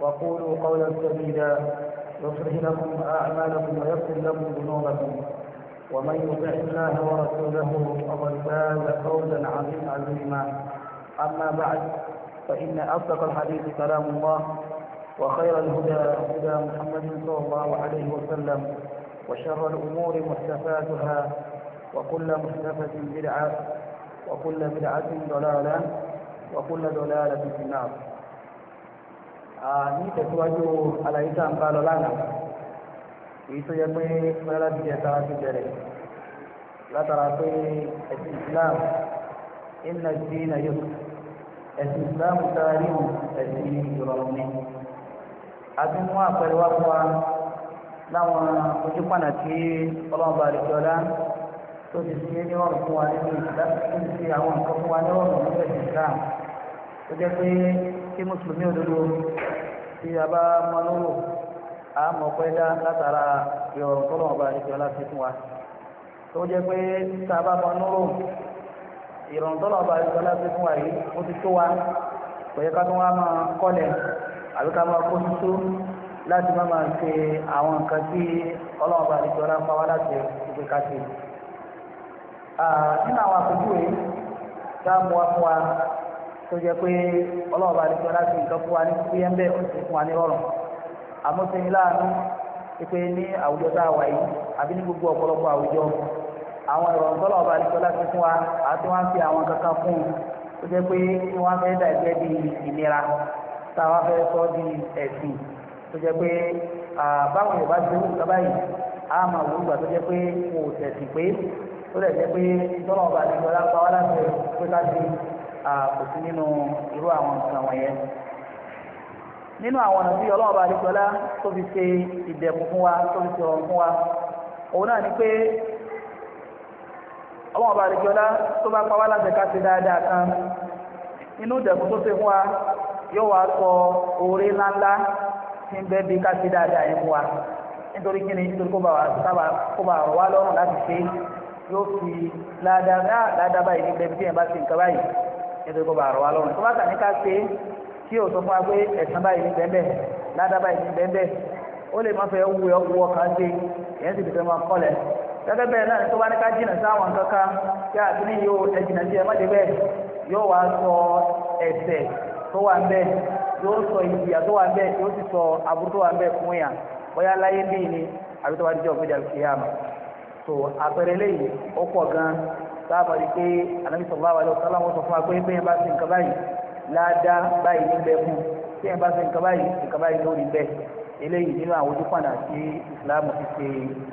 وقولوا قولا سديدا يصلح لكم أعمالكم ويغفر لكم ذنوبكم ومن يطع الله ورسوله فقد فاز فوزا عظيما عظيما أما بعد فإن أصدق الحديث كلام الله وخير الهدى هدى محمد صلى الله عليه وسلم وشر الأمور محدثاتها وكل محدثة بدعة وكل بدعة ضلالة وكل ضلالة في النار ní ìtẹ̀síwájú àlàyé tá à ń bá lọ lánàá èyí tó yẹ pé fúnra ti jẹ sára ti bẹ̀rẹ̀ látara pé ẹ̀sìn Islam ìnà sí ìnà ẹ̀sìn Islam taari ẹ̀sìn ìrọ̀rùn ni a ti mú àpẹẹrẹ wá fún wa láwọn ojúpànà tí ọlọ́run bá rí jọlá tó ti ṣe ní ọ̀rùn fún wa nínú ìsìlá tó ti ṣe àwọn nǹkan fún wa ní ọ̀rùn nípa ìsìlá ó jẹ́ pé kí mùsùlùmí òdodo tí a bá mọ lóru a mọ̀ pé dá látara ìrọ̀rùn tó lọ́wọ́ bá ìṣẹ́ aláṣẹ fún wa tó jẹ́ pé tá a bá mọ lóru ìrọ̀rùn tó lọ́wọ́ bá ìṣẹ́ aláṣẹ fún wa yìí ó ti tó wa kò yẹ ká tó wá máa kọ́lẹ̀ àbí ká máa kó tuntun láti má máa ṣe àwọn nǹkan tí ọlọ́wọ́ bá ìṣẹ́ aláṣẹ fún wa láti ìgbé ká ṣe. nínú àwọn àpèjúwe tá a mú wa fún wa tó jẹ́ pé ọlọ́ọ̀bá ní sọ láti nǹkan fún wa ní fúyẹ́ ń bẹ́ ó sì fún wa ní rọrùn àmọ́ ni láàánú pé ní àwùjọ tá a wà yìí àbí ní gbogbo ọ̀pọ̀lọpọ̀ àwùjọ àwọn ìrọ̀rùn tọ́lọ̀ọ̀bá ní sọ láti fún wa àti wọ́n fi àwọn kankan fún un tó pé kí wọ́n fẹ́ dà ẹgbẹ́ ìnira tá a wá fẹ́ sọ di ẹ̀sìn tó jẹ́ pé báwọn Yorùbá ti wù kọ́ báyìí a máa wù gbà tó jẹ́ pé kò tẹ̀sìn pé tó dẹ̀ jẹ́ pé tọ́lọ̀ọ̀bá kò sí nínú irú àwọn nǹkan wọ̀nyẹn nínú àwọn ọ̀nà tí ọlọ́run bá dìgbọ́lá tó fi ṣe ìdẹ̀kùn fún wa tó fi ṣe ọ̀run fún wa òun náà ni pé ọlọ́run bá dìgbọ́lá tó bá pa wá láti ká ṣe dáadáa kan nínú ìdẹ̀kùn tó ṣe fún wa yóò wá sọ oore ńláńlá tí ń bẹ bí ká ṣe dáadáa yẹn fún wa nítorí kí ni nítorí kó bá wa sábà kó bá wa lọ́rùn láti ṣe yóò fi ládàá báyìí nígbà bí ẹ̀ bá ṣe nǹkan báyìí nítorí kó bá rọ̀ wá lọ́rùn tó bá tàní ká ṣe kí o sọ fún wa pé ẹ̀sán báyìí ní bẹ́ẹ̀ bẹ́ẹ̀ ládàá báyìí ní bẹ́ẹ̀ bẹ́ẹ̀ ó lè má fẹ́ wú ọ wú ọkà ṣe èyàn sì fìfẹ́ máa kọ́lẹ̀ gẹ́gẹ́ bẹ́ẹ̀ náà tó bá ní ká jìnà sáwọn kankan kí àtúní yóò ẹ̀jìnà sí ẹ má dé bẹ́ẹ̀ yóò wá sọ ẹ̀ṣẹ̀ tó wà bẹ́ẹ̀ yóò sọ ìjìyà tó wà bẹ́ẹ̀ yóò sì sọ àbúrò tó wà bẹ́ẹ̀ fún yà bóyá láyé bíi ni àbí tó bá dijọ́ ògbéjà kìí àmà so àpẹẹrẹ lẹ́yìn ó pọ̀ gan-an sáàmù rí pé anabi sallallahu alaihi wasallam sọ fún wa pé bẹ́ẹ̀ bá ṣe nǹkan báyìí láàdá báyìí níbẹ̀ fún bẹ́ẹ̀ bá ṣe nǹkan báyìí nǹkan báyìí lórí bẹ́ẹ̀ eléyìí nínú àwọn ojúpọ̀nà tí ìsìláàmù ti ṣe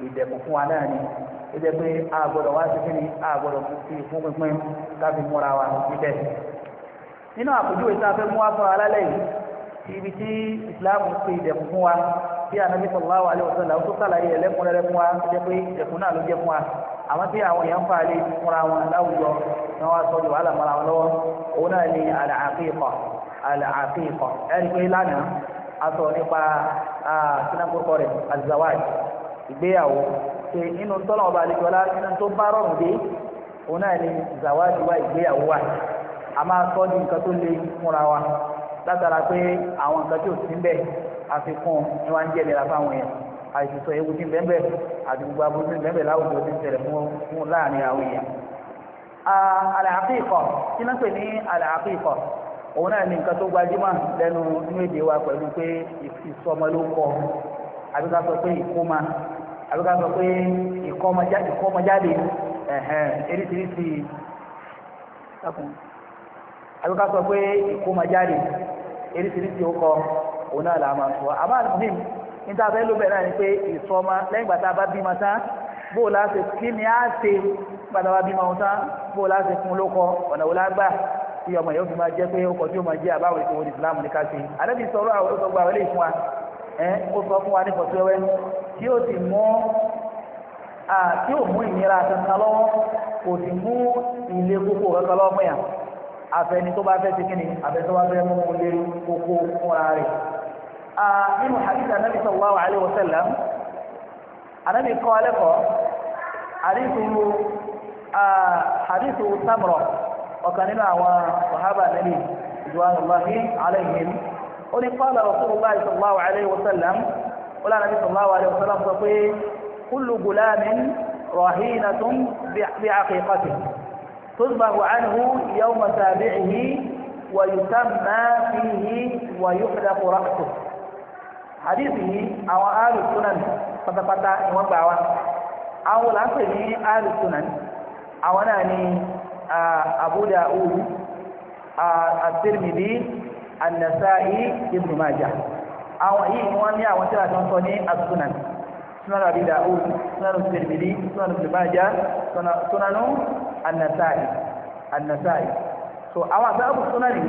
ìdẹ̀kùn fún wa náà ni ó jẹ́ pé a gbọ́dọ̀ wá sí kíni a gbọ́dọ̀ fi fún pínpín káfí múra wa níbẹ̀. nínú àpèjúwe tá a fẹ́ mú wá fún alálẹ̀ yìí ibi tí ìsìláàmù ṣe ìdẹ̀kùn fún wa tí anabi sallallahu alaihi wasallam tó sàlàyé ẹlẹ́kùnrẹ́rẹ́ fún wa jẹ́ pé ìdẹ̀kùn náà ló jẹ́ fún wa àwọn tí àwọn èèyàn fà lè fúnra wọn láwùjọ náà wá sọ́jú wàhálà mọ́ra wọn lọ́wọ́ òun náà ni àlàáfíìkọ̀ àlàáfíìkọ̀ ẹ̀rí pé lánàá a sọ nípa sinakorokọ rẹ̀ azawaj ìgbéyàwó ṣe inú tọ́lọ̀ ọba àlejòọ́lá inú tó bá rọrùn dé òun náà ni zawaj wa ìgbéyàwó wa a máa sọ ní nǹkan tó le fúnra wa látara pé àwọn nǹkan tí ò sí ń bẹ̀ àfikún ni wọ́n ń jẹ́ ìlera fáwọn èèyàn àìsísọ ewu ti bẹ́ẹ̀ àti gbogbo aburú ti bẹ́ẹ̀ láwùjọ ti tẹ̀lé fún láàrin àwọn èèyàn. àlàáfíìkọ̀ kí náà pè ní àlàáfíìkọ̀ òun náà ní nǹkan tó gbajúmọ̀ lẹ́nu inú èdè wa pẹ̀lú pé ìsọmọlúkọ àbí ká sọ pé ìkómà àbí ká sọ pé ìkọ́mọjáde eríṣiríṣi àbí ká sọ pé ìkómọjáde eríṣiríṣi ó kọ òun náà là á máa sọ àbá àlùmíì níta fẹ́ ló bẹ̀rẹ̀ ni pé ìsọmọ lẹ́yìn gbàtà bá bímọ tán bó láti kí ni á ṣe gbàtà bá bímọ tán bó o láti fún lóko ọ̀nà wo la gbà tí ọmọ yóò fi máa jẹ́ pé ó kọ̀ tí ó máa jẹ́ àbáwọ̀ ìṣòwò ìsìlámù ní káṣí àdébí sọ̀rọ̀ àwọn ọ̀sọ̀gbà wọlé ìfún wa ẹ̀ ó sọ fún wa ní pọ̀tíwẹ́wẹ́ tí ó sì mú tí ó mú ìnira kankan lọ́wọ́ kò sì mú ilé kókó kankan lọ́wọ́ fún yà àfẹni bá fẹ́ ti kíni àfẹni bá fẹ́ mú un kókó fúnra rẹ̀ nínú hadith anabi sallallahu alayhi wa sallam anabi kọ́ alẹ́ kọ́ hadithu hadithu samro ọ̀kan nínú àwọn sahaba anabi ridwanullahi alayhim ó ní qala rasulullah sallallahu alayhi wa sallam ó lánàá bí sallallahu alayhi wa sallam sọ pé kullu gulamin rahinatun bi aqiqatihi تذبح عنه يوم سابعه ويسمى فيه ويحلق رأسه àdìsí yìí àwọn alùsùnàn pátápátá ni wọ́n gbà wá àwọn làásì ní alùsùnàn àwọn náà ní Abu Dawud at-Tirmidhi an-Nasa'i Ibn Majah àwọn yìí ni wọ́n ní àwọn tí wọ́n ti ń sọ ní asùnàn sunanu Abi Dawud sunanu Tirmidhi sunanu Ibn Majah sunanu an-Nasa'i an-Nasa'i so àwọn àgbà Abu Sunan ni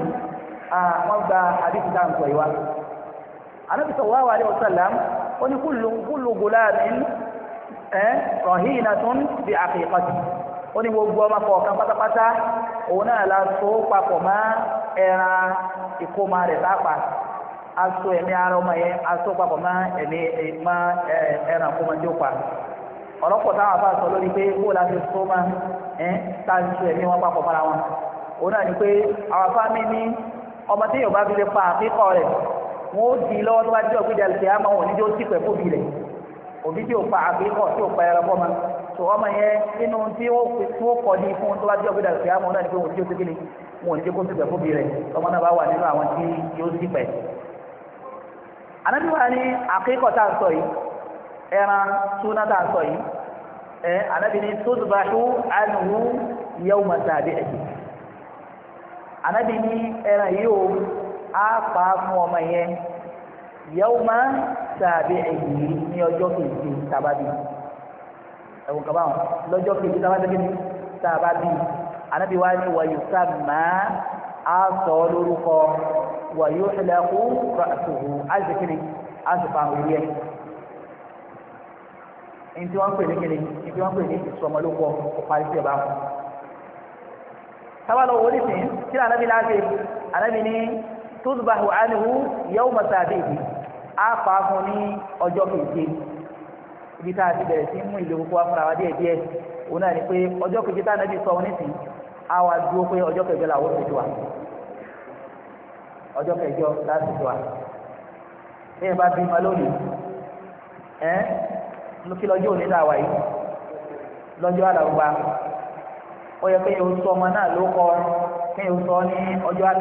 wọ́n gba àdìsí táwọn sọ yìí wá anabi sallallahu alayhi wa sallam ó ní kullu kullu gulamin rahinatun bi aqiqati ó ní gbogbo ọmọ kọ̀ọ̀kan pátápátá òun náà la so papọ̀ mọ́ ẹran ìkómọ rẹ̀ lápá aso ẹ̀mí ara ọmọ yẹn aso papọ̀ mọ́ ẹ̀mí mọ́ ẹran ìkómọ tí ó pa ọ̀rọ̀pọ̀ táwọn afa sọ lórí pé kó la fi so mọ́ ẹ̀ tá a so ẹ̀mí wọn papọ̀ mọ́ra wọn òun náà ni pé àwọn afá mi ní ọmọ tí yorùbá fi lè pa àfikọ́ rẹ̀ wọn ó di lọ́wọ́ tó bá jẹ́ ògbéjà lè àmọ́ wọn níjó sì pẹ̀ fóbi rẹ̀ òbí tí ò pa àbíkọ̀ tí ò pa ẹran fọ́ ma tó ọmọ yẹn nínú tí ó kọ́ ní fún tó bá jẹ́ ògbéjà lè àmọ́ náà ni pé wọn níjó síkìlì wọn ò ní jẹ́ kó sì pẹ̀ fóbi rẹ̀ ọmọ náà bá wà nínú àwọn tí yóò sì pẹ̀. ànábì wa àkíkọ̀ tá à sọ yìí ẹran súná tá à sọ yìí ẹ ànábì ní tó dùbàṣú àánú yẹ́wùmọ̀ á pa á fún ọmọ yẹn yẹ́wò máa tàbí ẹ̀yìn ní ọjọ́ kejì tàbádì ẹ̀wọ̀n kaba wọn lọ́jọ́ kejì tàbádì kejì tàbádì anabi wa ni wàyí sàmà á sọ lórúkọ wàyí ìlẹ̀kùn ràṣùwù á sì kiri á sì pa àwọn ìwé ẹ̀ ntí wọ́n pè ní bá wọn. sábà lọ wọlé sí kí ni anabi láti anabi ní tudbahu anhu yawma sabihi á pa fún ní ọjọ́ keje ibi tá a ti bẹ̀rẹ̀ sí mú ìlú gbogbo afúnra wa díẹ̀ díẹ̀ òun náà ni pé ọjọ́ keje tá a nàbí sọ onísìn á wá dúró pé ọjọ́ kẹjọ làwọn ti tó a ọjọ́ kẹjọ láti tó a bí ẹ bá bí ma lónìí ẹ kí lọ́jọ́ òní là wà yìí lọ́jọ́ àlàrúbá ó yẹ kéèyàn sọ ọmọ náà ló kọ kéèyàn sọ ní ọjọ́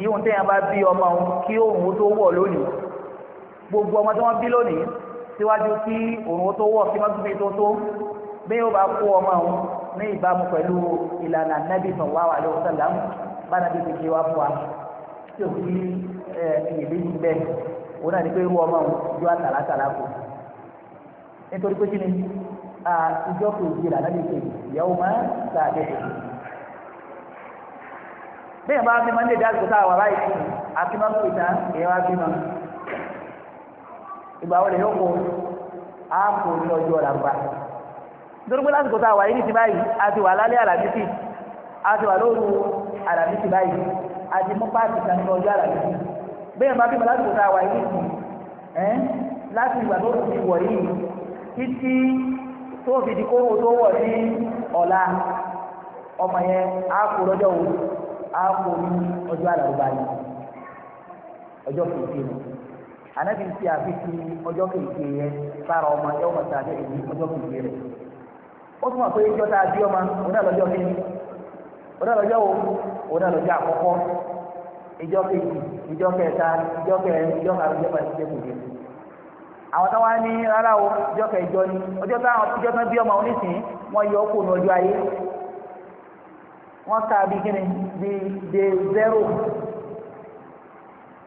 ìyóhun tẹ́yàn bá bí ọmọ òun kí òun tó wọ̀ lónìí gbogbo ọmọ tí wọ́n bí lónìí síwájú kí òun tó wọ̀ kí mọ́tò bí tó tó bẹ́ẹ̀ ó bá kó ọmọ òun ní ìbámu pẹ̀lú ìlànà nábì sallallahu alaihi wasallam bá nábì ti gbé wá fún wa tí ò sí ìyèméjì bẹ́ẹ̀ òun náà ní pé irú ọmọ òun ju àtàlátàlá kù nítorí pé kí ni ìjọ kejì ìlànà lè ṣe ìyàwó máa ń sáà bẹ́ẹ̀ bá bí mọ́ndé dá ìkúta àwọn aráyé kù àti máa ń pè tán èèyàn wá bímọ. ìgbà wọlé yóò kó a kò ní ọjọ́ ọ̀la gbà. nítorí pé lásìkò tá a wà yìí ní ti báyìí a ti wà lálẹ́ àlàbísì a ti wà lóru àlàbísì báyìí a ti mú páàkì kan ní ọjọ́ àlàbísì. bẹ́ẹ̀ bá bímọ lásìkò tá a wà yìí nìkú ẹ́ láti ìgbà tó ti wọ̀ yìí títí tó fi di kóró tó wọ̀ ní ọ̀la ọmọ yẹn a kò lọ́jọ́ òru. àpò ní ọjọ́ ọjọ́ ni anabi ti ọjọ́ yẹ sára ọmọ yẹ ọmọ ọjọ́ rẹ ó tún wà pé ìjọ tá a bí ọmọ òun náà lọ́jọ́ wo òun ìjọ ìjọ kẹta ìjọ ìjọ ìjọ ìjọ àwọn ní rárá o ìjọ ni ọjọ́ táwọn ìjọ tán bí ọmọ onísìn wọn yọ ọkọ ọjọ́ ayé di de zero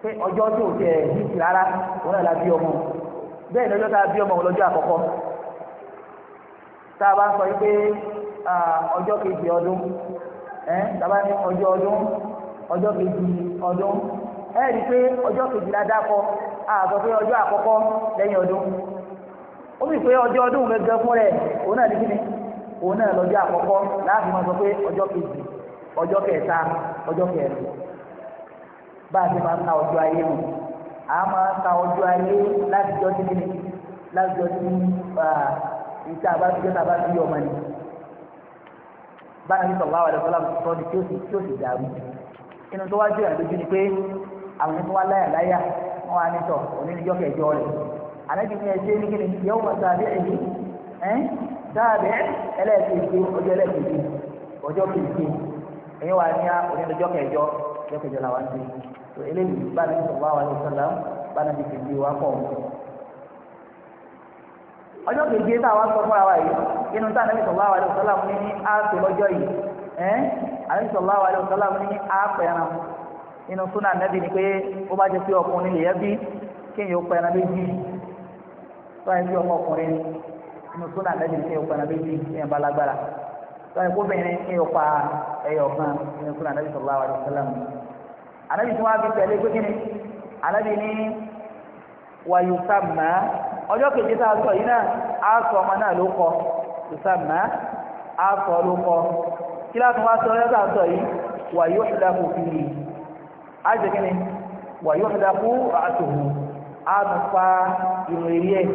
pé ọjọ́ rárá náà la bí ọmọ bẹ́ẹ̀ ni ọjọ́ tá a bí ọmọ lọ́jọ́ àkọ́kọ́ tá a bá sọ pé ọjọ́ kejì ọdún ẹ̀ tá a bá ní ọjọ́ ọdún ọjọ́ kejì ọdún rí i pé ọjọ́ pé ọjọ́ àkọ́kọ́ lẹ́yìn ọdún ó sì pé ọjọ́ ọdún gẹ́gẹ́ fún rẹ̀ òun ọjọ́ kẹta ọjọ́ kẹrin bá a ti máa ń ka ọjọ́ ayé mu a máa ń ka ọjọ́ ayé láti jọ sí kíni láti jọ sí ìta àbájọ tàbá sí ọmọ ni báyìí sọ̀rọ̀ àwọn ẹ̀rọ fọláwọ́ sọ ni tí ó sì tí ó sì dàrú inú tó wá jẹ́ ìdójú ni pé àwọn ẹni tó wá láyà láyà wọn wá ní sọ òní níjọ́ kẹjọ rẹ̀ àlejò ní ẹjẹ́ ní kíni yẹ́wò máa sàbẹ̀ ẹ̀yìn ẹ̀ sàbẹ̀ ẹlẹ́ẹ̀kejì ọjọ́ ẹlẹ́ẹ̀kejì ọjọ́ kejì ẹ̀yin wà ní onídọ̀jọ́ kẹjọ jọ́ kẹjọ làwọn ti tó eléyìí bá ní sọ̀rọ̀ àwọn àti sọ̀rọ̀ bá ní ti di wa pọ̀ ọjọ́ keje tá a wá sọ fúnra wa yìí inú tá a nàbí sọ̀rọ̀ àwọn àti sọ̀rọ̀ ní ní àpè lọ́jọ́ yìí ẹ́ àbí sọ̀rọ̀ àwọn àti sọ̀rọ̀ ní ní àpè ẹran inú súnà nàbí ni pé ó bá jẹ́ pé ọkùnrin lè yẹ bí kéèyàn ó pa ẹran méjì tó àyè bí ọmọkùnrin inú súnà nàbí ni kéèyàn ó tọ́ ẹ̀kọ́ obìnrin ní ọ̀pá ẹ̀yọ̀ kan nínú kúrò ànábì sọ̀rọ̀ àwọn àdìsọ́lá mu tí wọ́n fi tẹ̀lé pé ní wàyù sàmà ọjọ́ kejì tá a sọ yìí náà á sọ ọmọ náà ló kọ sàmà á sọ ló kọ kí láti wá sọ ọjọ́ tá a sọ yìí wàyù ìdàkù fìlì á wàyù á tún ìrìn ẹ̀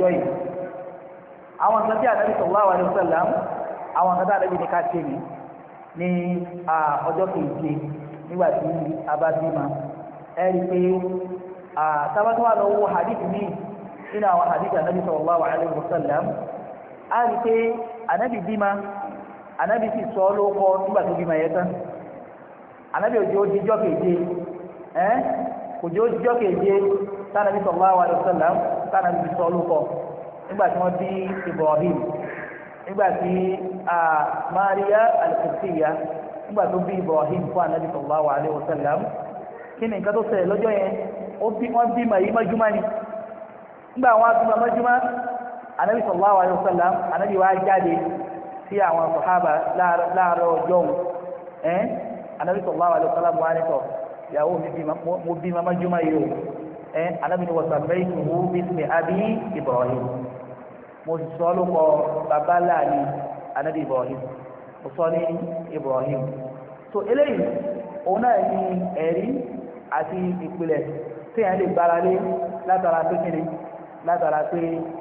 yìí àwọn nǹkan tí àwọn kan tá a lè ní ká ṣe ní ní ọjọ́ keje nígbà tí a bá bímọ ẹ rí i pé tábàtú wà lọ́wọ́ hadith mi nínú àwọn hadith anabi sallallahu alaihi wasallam a rí pé anabi bímọ anabi sì sọ lóko nígbà tó bímọ yẹn tán anabi òjò ó dijọ́ keje ẹ́ kò jẹ́ ó dijọ́ keje tánàbí sallallahu alaihi wasallam tánàbí sọ lóko nígbà tí wọ́n bí Ibrahim nígbà tí Maria al-Qibtiyya nígbà tó bí Ibrahim fún anabi sallallahu alayhi wa sallam kí ni nǹkan tó ṣẹlẹ̀ lọ́jọ́ yẹn wọ́n bí màyí májúmá ni nígbà wọn àtúmọ̀ májúmá anabi sallallahu alayhi wa sallam anabi wa jáde sí àwọn sàhábà láàárọ̀ ọjọ́ òun ẹ́n anabi sallallahu alayhi wa sallam wà ní sọ ìyàwó mo bí màmá jùmá yìí o ẹ́n anabi anabi ibrahim sọ́ni ibrahim so eléyìí òun náà ní ẹ̀rí àti ìpìlẹ̀ tí èèyàn lè gbára lé látara pé kíni látara pé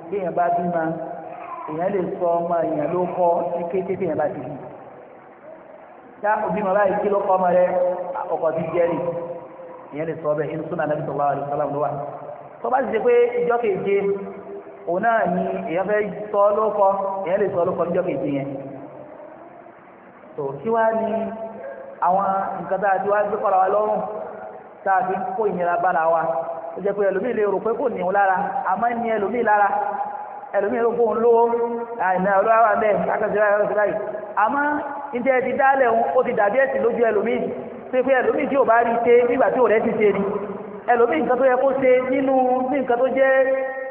bí èèyàn bá èèyàn lè sọ ọmọ èèyàn ló kọ́ tí èèyàn bá ti bí tá òbí mọ̀ báyìí kí ló kọ́ ọmọ rẹ ọkọ̀ ti jẹ́rì èèyàn lè sọ ọbẹ̀ inú súnà nàbìsọ̀lá àdìsọ́lá ló wà tó bá ti ṣe pé ìjọ́ òun náà ni èyàn fẹ́ sọ lóko èèyàn lè sọ lóko níjọ́ kejì yẹn tó kí wá ní àwọn nǹkan tá a ti wá gbé kọ́ra wa lọ́rùn tá a fi ń kó ìnira bára wa ó jẹ́ pé ẹlòmíì lè rò pé kò ní òun lára àmọ́ ní ẹlòmíì lára ẹlòmíì ló lówó àìní ọlọ́wà wà bẹ́ẹ̀ àmọ́ níta ẹ ti dálẹ̀ òun ó ti dàbí ẹ̀sìn ni ẹlòmíì nǹkan tó yẹ kó ṣe nínú ní nǹkan tó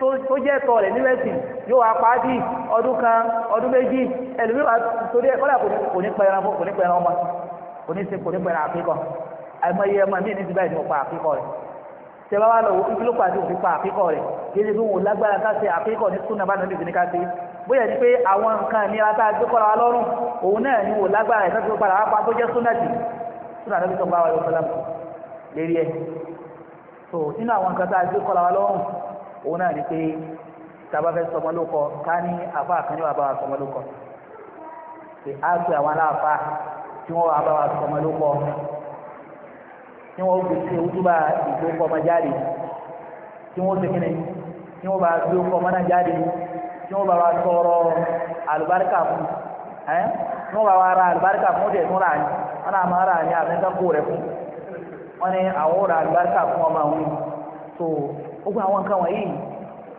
tó jẹ́ tọ́ rẹ̀ nílẹ̀ sí yóò wá pa á bí ọdún kan ọdún méjì ẹlòmíì wà torí ẹ̀ kọ́lá kò ní pẹ̀lú ọmọ kò ní pẹ̀lú ọmọ kò ní kò ní pẹ̀lú àfikọ́ àìmọye ọmọ mi ní ti báyìí ni mo pa àfikọ́ rẹ̀ tẹ́lá wà lọ ibi ló pàdé òfin pa àfikọ́ rẹ̀ kéde bí wọn lágbára ká ṣe àfikọ́ ní súnà bá nàbí ìbínú ká ṣe bóyá ni pé àwọn nǹkan ìnira tá a gbé kọ́ra wa lọ́rùn òun náà ni wọn lágbára ẹ̀ tó padà wá pa tó jẹ́ súnà jù súnà nàbí sọ̀rọ̀ bá wà lọ́sọ̀lá lérí ẹ̀ tó a gbé òun náà ni pé tábà fẹ́ kọ ká ní àfa àkànní wà bá kọ àwọn aláàfà tí wọ́n wà kọ tí wọ́n gbé sí ojúbà ọmọ jáde tí wọ́n ṣe kíni tí wọ́n bá gbé ọmọ náà jáde tí wọ́n bá wa tọrọ àlùbáríkà fún ẹ́ tí wọ́n bá wa ra àlùbáríkà fún ọdẹ so gbogbo àwọn nǹkan yi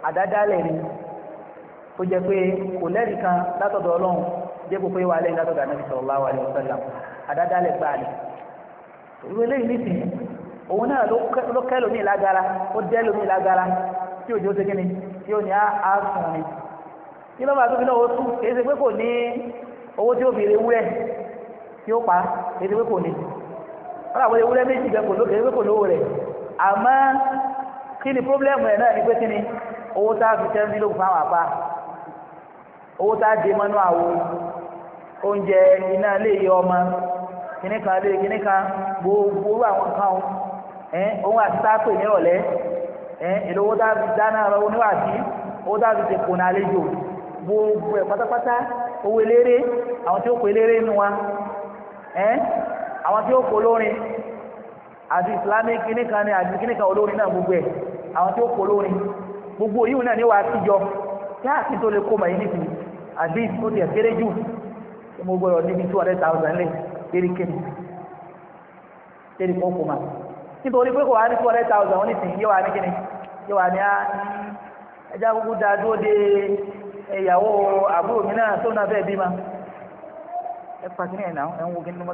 àdádálẹ̀ ni o jẹ́ pé kò lẹ́rìí kan látọ̀dọ̀ ọlọ́run jẹ́ kó pé wà lẹ́yìn látọ̀dọ̀ ànábì sallallahu alaihi wasallam àdádálẹ̀ gbáà ni ìwé lẹ́yìn nísìnyí òun náà ló kẹ́ lómi lágara ó dẹ́ lómi lágara tí òjò ṣe kíni ni kí ló bá o tu ó sùn kìí ṣe pé kò ní kí ni pọ́blẹ́mù ẹ̀ náà ni pé kí ni owó tá fi tẹ́ nílò fáwọn apá owó tá a mọ́nú àwo oúnjẹ iná lè yọ ọmọ a tá fi dáná ọ̀rọ̀ owó tá náà gbogbo ẹ̀ pátápátá owó eléré àwọn tí ó kó eléré nù wa àwọn tí ó kó àti islamic àti olórin náà gbogbo àwọn tí ó kó lórin gbogbo yìí náà níwà síjọ yáàkí tó lè kó mọ̀ yìí nìkan àbí ó ti ẹ̀kẹ́rẹ́ jù tí mo gbọ́dọ̀ níbi two hundred thousand lè kéré kéde kéde kó kó mọ̀ nítorí pé kò wá ní two hundred thousand wọn nìsín yóò wá ní kíni yóò wá ní gbogbo de ìyàwó àbúrò mi náà tó náà fẹ́ bí ma ẹ pàṣẹ ní ẹ̀ náà ẹ̀ ń wo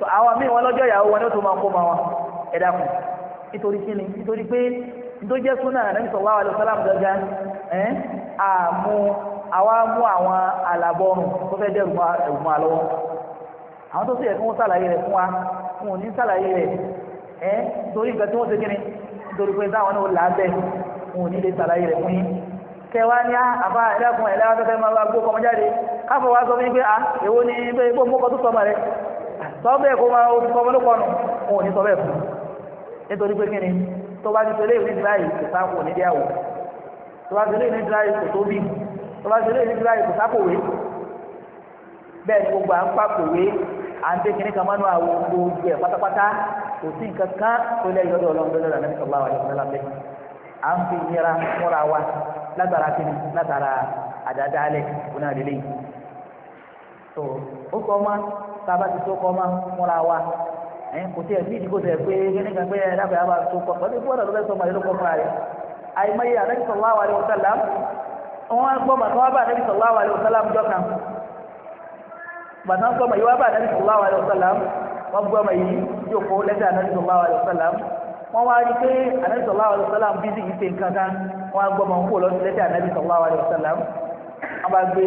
tó àwọn míì wọn lọ́jọ́ ìyàwó wọn ni ó tó máa kó ma wọn ẹ dákun nítorí kíni nítorí pé nítorí jẹ́ súnà ànábì sallallahu alaihi wasallam gọ́gá ẹ̀ àmú àwa mú àwọn àlàbọ̀rùn tó fẹ́ dẹ̀rù ẹ̀gbọ́n àlọ́wọ́ àwọn tó sì yẹ kí wọ́n sàlàyé rẹ̀ fún wa wọn ò ní sàlàyé rẹ̀ ẹ̀ nítorí nǹkan tí wọ́n ṣe kíni nítorí pé táwọn náà là á bẹ̀ wọn ò ní lè sàlàyé rẹ̀ fún yín kẹwàá ní àbá ẹ̀dẹ́kùn ẹ̀dẹ́kùn fẹ́ máa gbó kọmọ jáde káfọ̀ wá sọ fún yín pé à èwo ni gbogbo mọ́kọ tó sọmọ rẹ̀ sọ bẹ́ẹ̀ kó máa ojú kọmọ ló pọnù òun ò ní sọ bẹ́ẹ̀ fún nítorí pé kíni tó bá ti ṣe léyìn nídìí láàyè kò sáà kò nídìí àwò tó bá ti ṣe léyìn nídìí láàyè kò tó bí tó bá ti ṣe léyìn nídìí láàyè kò sákòwé bẹ́ẹ̀ ni gbogbo à ń pàkòwé à ń dé kíní kan mọ́nú àwò gbogbo ẹ̀ pátápátá kò sí nǹkan kan tó lẹ́yìn lọ́dọ̀ ọlọ́run lọ́dọ̀ tó o kọ́ ma tába ti tó ma múra wa ẹ kò tí ẹ bí ìdíkò tẹ pé kíni kan pé ẹ dábàá bá tó kọ́ pẹ̀lú ìfowópamọ́ tó fẹ́ sọ màdé ló kọ́ fúnra rẹ̀ àìmọye ànábì sallallahu alaihi wasallam wọn gbọ́ màtọ́ wá bá ànábì sallallahu alaihi wasallam jọ kan bàtà gbọ́ wá bá wọn gbọ́ lẹ́sẹ̀ wọn wá rí pé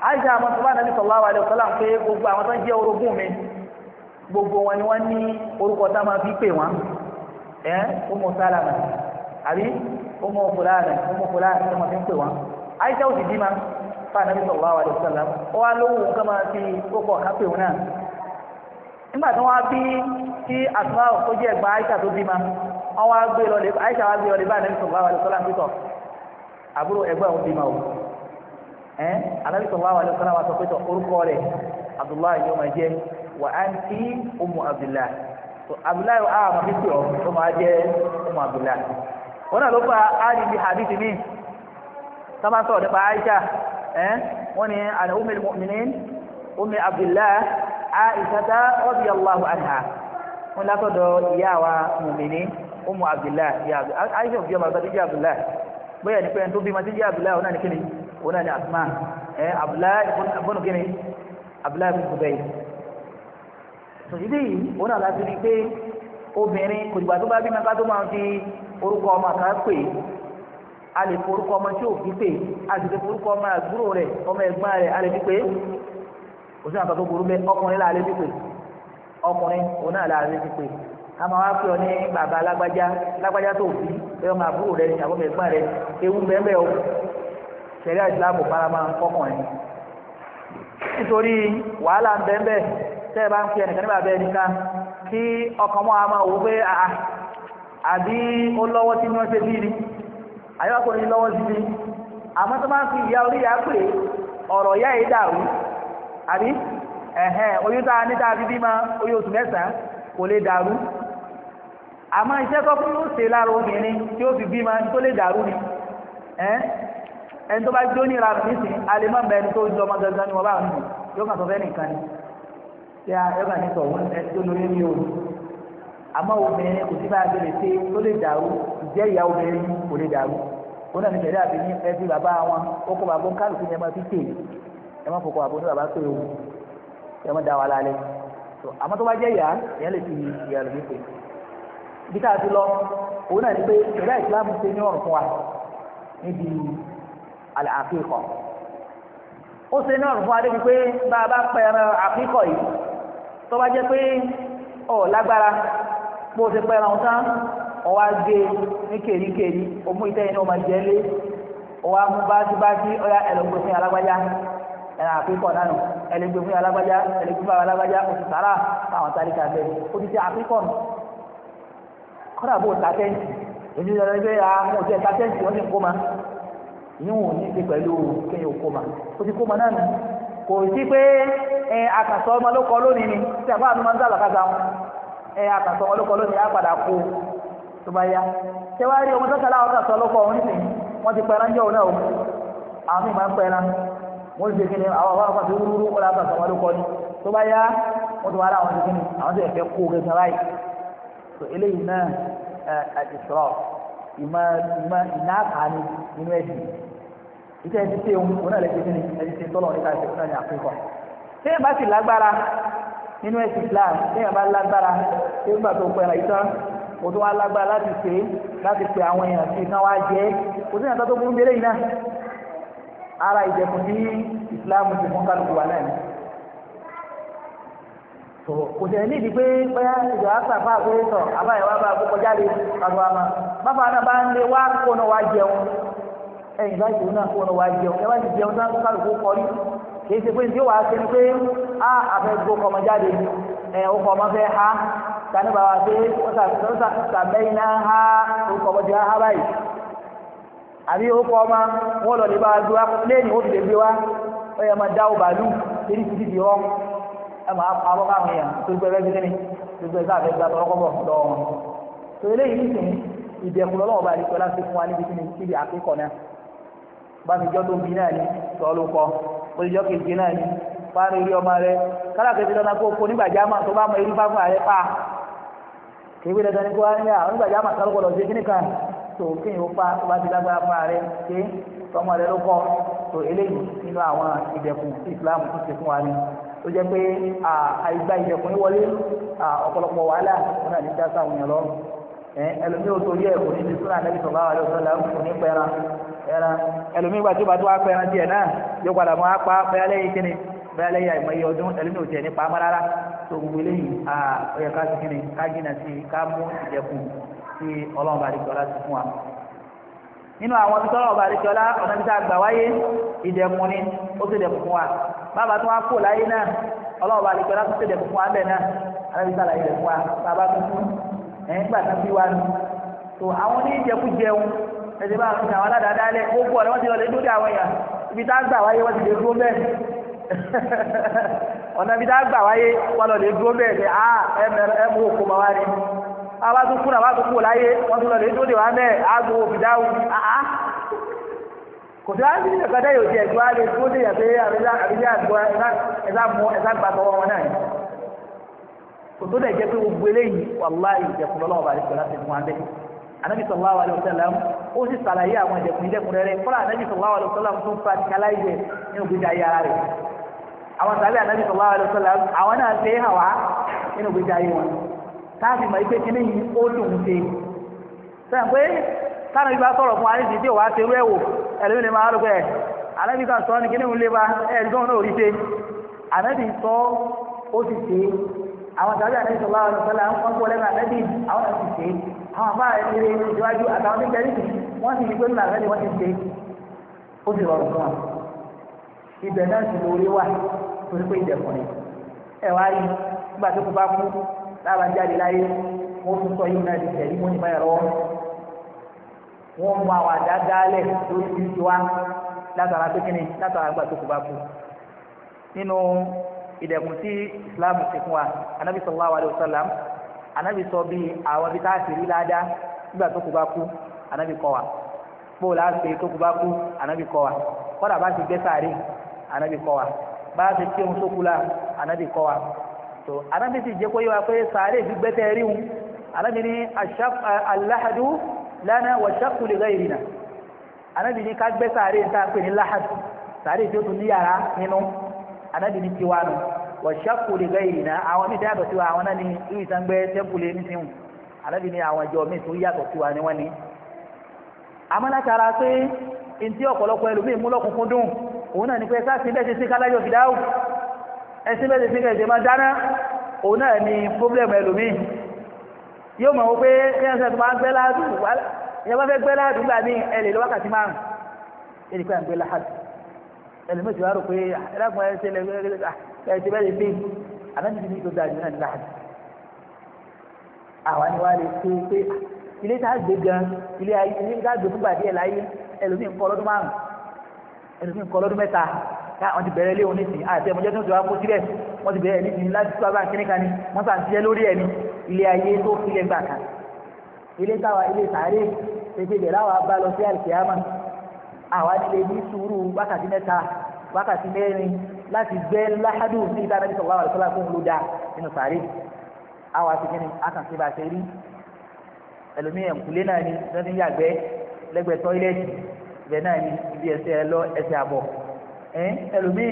Aisha àwọn tó bá nàbí sallallahu alaihi wasallam pé gbogbo àwọn tó ń jẹ́ orogún mi gbogbo wọn ni wọ́n ní orúkọ tá a máa fi pè wọ́n ẹ ọmọ sálàmà àbí ọmọ fúlàní ọmọ fúlàní tó máa fi pè wọ́n ma ó wá lówó nǹkan máa fi kókó ọ̀ká pè wọ́n náà nígbà tí wọ́n bí kí àtúnwá tó jẹ́ ẹ̀gbọ́n tó bí ma wọ́n wá gbé lọ ẹ́ anabi sallallahu alaihi wasallam sọ pé orúkọ rẹ̀ abdullahi yóò máa jẹ́ wa anti umu abdullahi so abdullahi a máa fi pè ọ́ tó máa jẹ́ umu abdullahi wọn náà ló fa ali bi hadith mi sábà sọ̀rọ̀ nípa aisha ẹ́ wọ́n ní ana umu mu'minin umu abdullahi aisha radiyallahu anha wọn látọ̀dọ̀ ìyá wa mu'minin umu abdullahi aisha òbí ọmọ àgbà bóyá ní pé ẹni tó bímọ tó jẹ́ abdullahi ọ̀nà nìkíni òun náà ni asma ẹ abdullahi ibùnú kínní abdullahi ibùnú bẹ́ẹ̀ sòṣìdì yìí òun náà láti rí i pé obìnrin kò dìgbà tó bá bí mẹ́ta tó máa fi orúkọ ọmọ kan pè é a lè forúkọ ọmọ tí òbí pè a sì lè forúkọ ọmọ àgbúrò rẹ ọmọ ẹ̀gbọ́n rẹ a lè fi pè òsì àgbà tó burú bẹ ọkùnrin là lè fi pè ọkùnrin òun náà là lè fi pè a máa wá pè ọ ní bàbá lágbájá lágbájá tó bí bẹ́ẹ̀ ọmọ àbúrò rẹ àbọ̀mọ̀ ẹ̀gbọ́n rẹ ewu bẹ́ẹ̀ o ṣẹ̀ríà ìsìláàmù farama kọ́kàn ẹ̀ nítorí wàhálà ń bẹ́ẹ̀ tẹ́ bá ń fi ẹnìkan níbà bẹ́ẹ̀ nìkan kí ọkàn mọ́ àmọ́ òun pé àà àbí ó lọ́wọ́ tí wọ́n ṣe bí ni àyọ́kùn ní lọ́wọ́ sí àmọ́ tó máa ń fi ìyá orí ìyá pè ọ̀rọ̀ ìyá yìí a ma oyún oṣù mẹ́sàn-án kò lè dàrú àmọ́ iṣẹ́ tó fún ṣe lára obìnrin tí ó fi bí ma tó lè dàrú ẹni tó bá jó ní ìranù nísìn alẹ́mọ́ bẹ ẹni tó jọ ọmọ gangan ni wọ́n bá ń bì yóò kàn sọ fẹ́ nìkan ni tí a yóò kàn ní sọ òun ẹni tó lóyún ní àmọ́ obìnrin kò sí bá a ṣe lè ṣe tó lè dàrú ìjẹ́ ìyá obìnrin kò lè dàrú òun náà ní tẹ̀lé àbí ní ẹbí bàbá wọn ó kó bàbá kálukú ni ẹ máa fi tè ẹ máa fọkọ àbọ̀ ní bàbá tó ewu ẹ máa da wa lálẹ́ àmọ́ tó bá jẹ́ ìyá ìyá lè fi ìyá lòdì pé bí káà ti lọ òun náà ní pé ìṣẹ̀dá ìsìlámù ṣe ní ọ̀rùn fún wa níbi àlàáfíìkọ̀ ó ṣe náà fún adé wípé bá a bá pẹ̀rẹ̀ àfíìkọ̀ yìí tó bá jẹ́ pé ọ̀ lágbára bó ṣe pẹ̀rẹ̀ ọ̀hún tán ọ wá gbé ní kèríkèrí omú ìtẹ́yìn náà máa jẹ́ lé ọ wá mú bájúbájú ọ̀yà ẹ̀lọ́gbẹ̀ fún alágbájá ẹ̀rọ àfíìkọ̀ náà nù ẹ̀lẹ́gbẹ̀ fún alágbájá ẹ̀lẹ́gbẹ̀ fún alágbájá oṣù sára àwọn tálíkà bẹ́ẹ̀ ó ti ṣe àfíìkọ̀ nù kọ́dà bó ta tẹ́ǹtì èmi lọ́dọ̀ ẹgbẹ́ àwọn òṣèlú ta níwọ̀n ní ṣe pẹ̀lú kéèyàn kóma ó ti kóma náà ni kò sí pé ẹ àkàtọ̀ ọmọ ló kọ lónìí ni tí àbá àti máa ń dá àlàkàtà wọn ẹ àkàtọ̀ ọmọ ló kọ lónìí á padà kó tó bá yá ṣé wàá rí ọmọ tó ṣẹlẹ̀ àwọn àkàtọ̀ ọlọ́kọ̀ ọ̀hún nísìnyí wọ́n ti pẹran jọ́ náà o àwọn míì máa ń pẹran wọ́n ti ṣe kí ni àwọn àwọn àkàtọ̀ rúrú ó làá àkàtọ̀ ọmọ ló kọ ni tó bá yá wọ́n ti wá láwọn ti kí ni àwọn ti ẹ̀fẹ́ kó gẹ́gẹ́ báyìí ìmọ̀ ìnáàkà ni nínú ẹ̀sìn iṣẹ́ ti ṣe òun òun náà lè ṣe kíni ẹni ṣe tọ́lọ̀ nípa ìṣẹ̀kú náà ní àkókò téèyàn bá sì lágbára nínú ẹ̀sìn Islam téèyàn bá lágbára ṣé nígbà tó pẹ̀lú ìtàn kò tó wá lágbára láti ṣe láti pe àwọn èèyàn sí iná wá jẹ́ kò sí ìyàtọ̀ tó burú délé yìí náà ara ìjẹ̀kùn tí Islam ti fún kálukú wa náà ni kò tẹ̀lé ní ìdí pé bóyá ìjọ àṣà bá àgbóyè sọ àbáyọ̀ wá bá àgbókọjá lè pàṣọ àmà bàbá náà bá ń lé wá kó náà wá jẹun ẹ̀yìn bá ìṣòro náà kó wá jẹun ẹ bá ti jẹun náà kálukú kọrí kì í ṣe pé tí ó ṣe ni pé a àfẹ́ gbó ọmọ jáde ẹ̀ ọkọ ọmọ fẹ́ ha tani bàbá pé ó náà ha orúkọ ọmọ ti ha báyìí àbí orúkọ ọmọ wọn lọ lè bá a gbé wa léènì ó fi lè gbé wa ó yẹ máa dá o bàálù torí ti di rọ ẹ máa pa abọ́ káwọn èèyàn tó gbẹ bẹ́ẹ̀ gbẹ́ni tó gbẹ sáà fẹ́ gba ọkọ̀ bọ̀ lọ́wọ́ wọn. lọ́wọ́ bá a lè fún wa níbi kíni kíbi àkíkọ̀ náà báṣijọ́ tó ń bi náà ni sọ́ọ́lù kọ́ oṣìṣọ́ kejì náà ni fáàrí ilé ọmọ rẹ kálàkẹ́sì lọ́nà kó fún onígbàjámà tó bá mọ irú fáfún ààrẹ pa kéwé dandan ni kó wá ní à onígbàjámà kálùkọ́ lọ sí kíní kan tó kéyìn ó fa tó bá ti lágbára fún ààrẹ ké tọmọ rẹ ló kọ tó eléyìí nínú àwọn ìdẹ̀kùn tí Islam ti ṣe fún wa ni tó jẹ́ pé àìgbà ìdẹ̀kùn wọlé ọ̀pọ̀lọpọ̀ wàhálà wọn náà ní dá sáwọn yẹn lọ ẹlòmíì ò torí ẹ̀ kò ní ti sún ẹran ẹlòmígbà tí ó bá tó wá pẹ́ ẹran tiẹ̀ náà yóò padà mọ́ apá bẹ́ẹ̀ lẹ́yìn kíni bẹ́ẹ̀ lẹ́yìn àìmọye ọdún ẹlòmíì ò tiẹ̀ nípa mọ́ rárá tó gbogbo eléyìí ó yẹ ká sí kíni ká jìnà sí i ká mú ìjẹkùn sí ọlọ́run àdìgbọ́lá sí fún wa. nínú àwọn tí tọ́lọ̀ ọba àdìgbọ́lá ọ̀nà tí a gbà wáyé ìdẹ̀kùn ni ó sì dẹ̀kùn fún wa bàbá tó wá kó láyé náà ọlọ́run ọba tó sì dẹ̀kùn fún wa bẹ́ẹ̀ náà alábi sàlàyé rẹ̀ wa bàbá tuntun ẹ̀yìn gbà tán bí wa nù. tó àwọn oníjẹkújẹun ẹ̀sìn bá àwọn àwọn aládàáda lẹ̀ gbogbo ọ̀rẹ́ wọ́n ti lọlé lórí àwọn èèyàn ibi tá a gbà wáyé wọ́n ti lè dúró bẹ́ẹ̀ ọ̀nà ibi tá a gbà wáyé wọ́n lọ lè dúró bẹ́ẹ̀ ṣe á ẹ mú òkú ma wá ni àwa tún kúrò àwa tún kúrò láyé wọ́n tún lọlé dúró de wá mẹ́ẹ̀ àgbo òbídáwù àá kò sí láti nílẹ̀ kọ́dá yóò di ẹ̀dùn á lè dúró de yàtọ̀ àbílẹ̀ àgbọ̀ ẹ̀dá mú ẹ̀dá gbà tọwọ́ wọn náà kò tó dẹ̀ jẹ́ pé gbogbo eléyìí wàláhì ìjẹ̀kùn lọ́wọ́ bàlẹ́ pẹ̀lú àti ìfún abẹ́yìí anabi sallallahu alayhi wa sallam ó sì sàlàyé àwọn ìdẹ̀kùn ìdẹ̀kùn rẹ̀ fọlá anabi sallallahu alayhi wa sallam tún fa kàláyé ní ògbéjà ayé ara rẹ̀ àwọn sàlẹ̀ anabi sallallahu alayhi wa sallam àwọn náà ṣe é hàn wá nínú ògbéjà ayé wọn káàfin mọ̀ ike kíní yìí ó dùn ṣe sẹ́yìn pé táwọn ibà sọ̀rọ̀ fún arísì tí òwá ṣerú ẹ̀wò rú pẹ́ àwọn tàbí àdéhùn sọlá ọ̀rọ̀ sọlá ń kọ́kọ́ lẹ́nu àdébì àwọn náà ti ṣe é àwọn afá ìrere ìṣíwájú àtàwọn tó ń sì nínú ti ṣe é ó sì rọrùn náà sì lórí wà torí pé ni ẹ wá rí nígbà tó kú bá kú lába jáde láyé wọ́n tún sọ yìí náà di tẹ̀lé mọ́ nípa ẹ̀rọ ìdẹ̀kùn tí islam ti fún wa anabi sallallahu alayhi wa sallam anabi sọ bí àwọn ibi tá a sì rí ládàá nígbà tó kú bá kú anabi kọ́ wa kpọ́ la ṣe tó kú bá kú anabi kọ́ wa kọ́dà bá ti gbé sáré anabi kọ́ wa bá ti tí ohun tó kú la anabi kọ́ wa tó anabi ti jẹ́ kó yẹ wa pé sáré fi gbẹ́tẹ̀ rí wọn anabi ni alahadu lana wa shaqqu li ghayrina anabi ni ká gbé sáré ta pé ní lahadu sáré tí tún ní yàrá nínú anábì ní tiwa nù wọ́n ṣàkóso lẹ́yìn náà àwọn míì dáyàtọ̀ tiwa àwọn náà ní ìwé ìsangbẹ́ tẹ́kùlé ní tiwọn anábì ní àwọn ìjọ míì tó yàtọ̀ tiwa ni wọ́n ní. amánátara pé ntí ọ̀pọ̀lọpọ̀ ẹlòmíì mú lọ́kùnkún dùn òun náà ní pé sáàsì bẹ́ẹ̀ ti sí káláyọ̀ fìdáwù ẹsìn bẹ́ẹ̀ ti sí kẹ̀sẹ̀ máa dáná òun náà ní pọ́blẹ́mù ẹlòmíì yóò mọ̀ wọ́n pé kí ẹ̀sẹ̀ tó máa ń gbẹ́ láàdùn ìyẹn bá fẹ́ gbẹ́ láàdùn gbà ní ẹ̀lẹ́ lọ́wọ́kàtí márùn-ún ẹlẹ́mọ̀ tí wàá rò pé ẹlẹ́gbọ̀n ẹ̀ ṣe ẹ̀ ah, ṣe bẹ́ẹ̀ lè pé àbẹ́ni ní tó dájú náà láàbì àwa ni wàá lè pé pé ah, ilé tá a gbé gan ilé ayé ilé tá a gbé fúngbà díẹ̀ láyé ẹlòmíì ń kọ́ lọ́dún márùn ẹlòmíì ń kọ́ lọ́dún mẹ́ta wọ́n ti bẹ̀rẹ̀ léwu nísìnyí àti ẹ̀mọ́jọ́ tó ti wá kó síbẹ̀ wọ́n ti bẹ̀rẹ̀ nísìnyí láti tó abá kíníkà ni wọ́n sàn ti jẹ́ lórí ẹ̀mí ilé ayé tó fi lẹ́gbà kan ilé táwa ilé sàárè pépé bẹ̀rẹ̀ àwa bá lọ sí àlùkìyàmà àwa nílé ní sùúrù wákàtí mẹ́ta wákàtí mẹ́rin láti gbẹ́ láhádù sí ìdáná bí sọ̀rọ̀ àlùfáà fún un ló dáa nínú sàárè àwọn àtìkẹ́ni àkànṣe bá ṣe rí ẹlòmíyàn kùlé náà ni lọ́dún yàgbẹ́ lẹ́gbẹ̀ẹ́ tọ́ílẹ̀tì ibẹ̀ náà ni ibi ẹsẹ̀ ẹ lọ ẹsẹ̀ àbọ̀ ẹlòmíì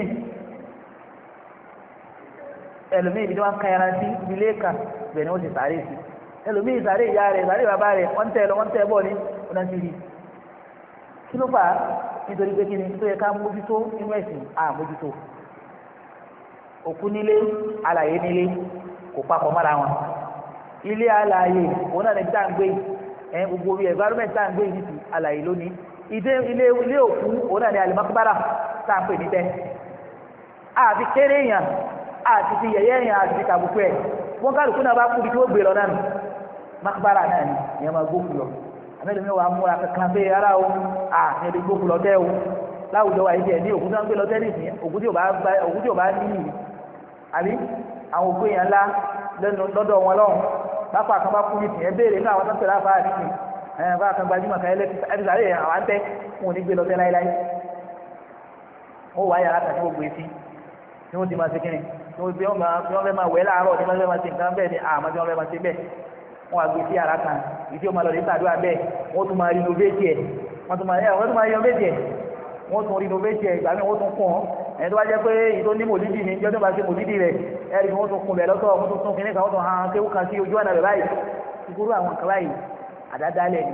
ẹlòmíì ibi tí wọ́n ń kan ẹran sí ilé kan ibẹ̀ ni wọ́n ti sàárè sí ẹlòmíì sàárè ìyá rẹ̀ sàárè nítorí pé kí ni tó yẹ ká mójútó nínú ẹ̀sìn à mójútó òkú nílé alàyè nílé kò papọ̀ mọ́ra wọn ilé alàyè òun náà ní tá à ń gbé yìí ẹ gbogbo orí environment tá à ń gbé yìí nìsí alàyè lónìí ìdé ilé ilé òkú òun náà ní alimakubara tá à ń pè ní àti kéré èèyàn àti ti yẹ̀yẹ́ èèyàn àti ti tàbùkù ẹ̀ wọ́n kálukú náà bá kú bí tí wọ́n gbé lọ náà nù makubara náà ni ìyẹn máa gbókù lọ àmẹ́lẹ̀ mi wà á múra kankan pé ara o à ẹ̀rí gbogbo lọ́tẹ́ o láwùjọ wa ìdí ẹ̀ ní òkú tó ń gbé lọ́tẹ́ nìsín òkú tí ò bá ní yìí àbí àwọn òkú èèyàn ńlá lẹ́nu lọ́dọ̀ wọn lọ́hùn lápá kan bá kú nìsín ẹ béèrè náà àwọn tó ń tẹ̀lé àfáà nìsín ẹ̀ bá kan gbajúmọ̀ kan ẹlẹ́tìsáré àwọn àńtẹ́ wọn ò ní gbé lọ́tẹ́ láéláé wọ́n wá yàrá kan wọn àgbè sí yàrá kan ìdí ọmọ lọ́dẹ sàdúrà bẹ́ẹ̀ wọ́n tún máa rinovate ẹ̀ wọ́n tún máa wọ́n tún máa rinovate ẹ̀ wọ́n tún rinovate ẹ̀ ìgbà mi wọ́n tún kún ọ́ ẹni tó bá jẹ́ pé ìtò ní mòlídì ní ìjọ́ tó bá ṣe mòlídì rẹ̀ ẹ̀rì wọ́n tún kun bẹ̀ lọ́tọ̀ wọ́n tún tún kínní kan wọ́n tún hàn kéwú kan sí ojú ọ̀nà rẹ̀ báyìí ìgbóró àwọn kan báyìí àdádálẹ̀ ni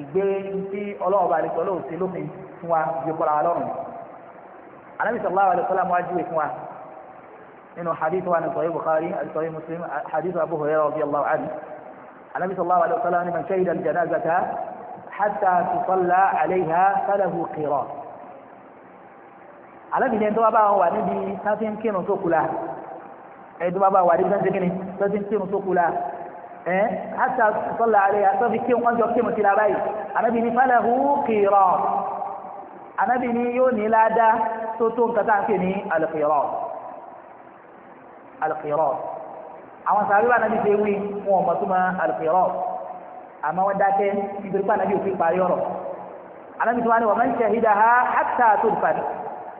ìgbé tí ọlọ́ọ̀bà àlejò ọlọ́ọ̀ ṣe lófin fún wa ju kọ́ra wa lọ́rùn anabi sallallahu alayhi wa sallam النبي صلى الله عليه وسلم من شهد الجنازة حتى تصلى عليها فله قراط alábìnrin tó bá bá wà níbi sáfì ń kírun tó kula ẹni tó bá bá wà níbi sáfì ń kírun sáfì ń kírun tó kula ẹ àtà sọlá rẹ àtọ́fi kírun wọn jọ kírun ti la báyìí anábìnrin falahu qirat anábìnrin yóò ní ládàá tó tó nǹkan tá à ń pè ní al-qirat al-qirat àwọn sàbíwá nàbí ṣe wí fún ọmọ tó máa àlùfẹ́rọ̀ àmọ́ wọ́n dákẹ́ nítorí pé ànábì òfin parí ọ̀rọ̀ ànábì tó wá ní wọ́n máa ń ṣẹ̀hídà ha hátà tó fà ní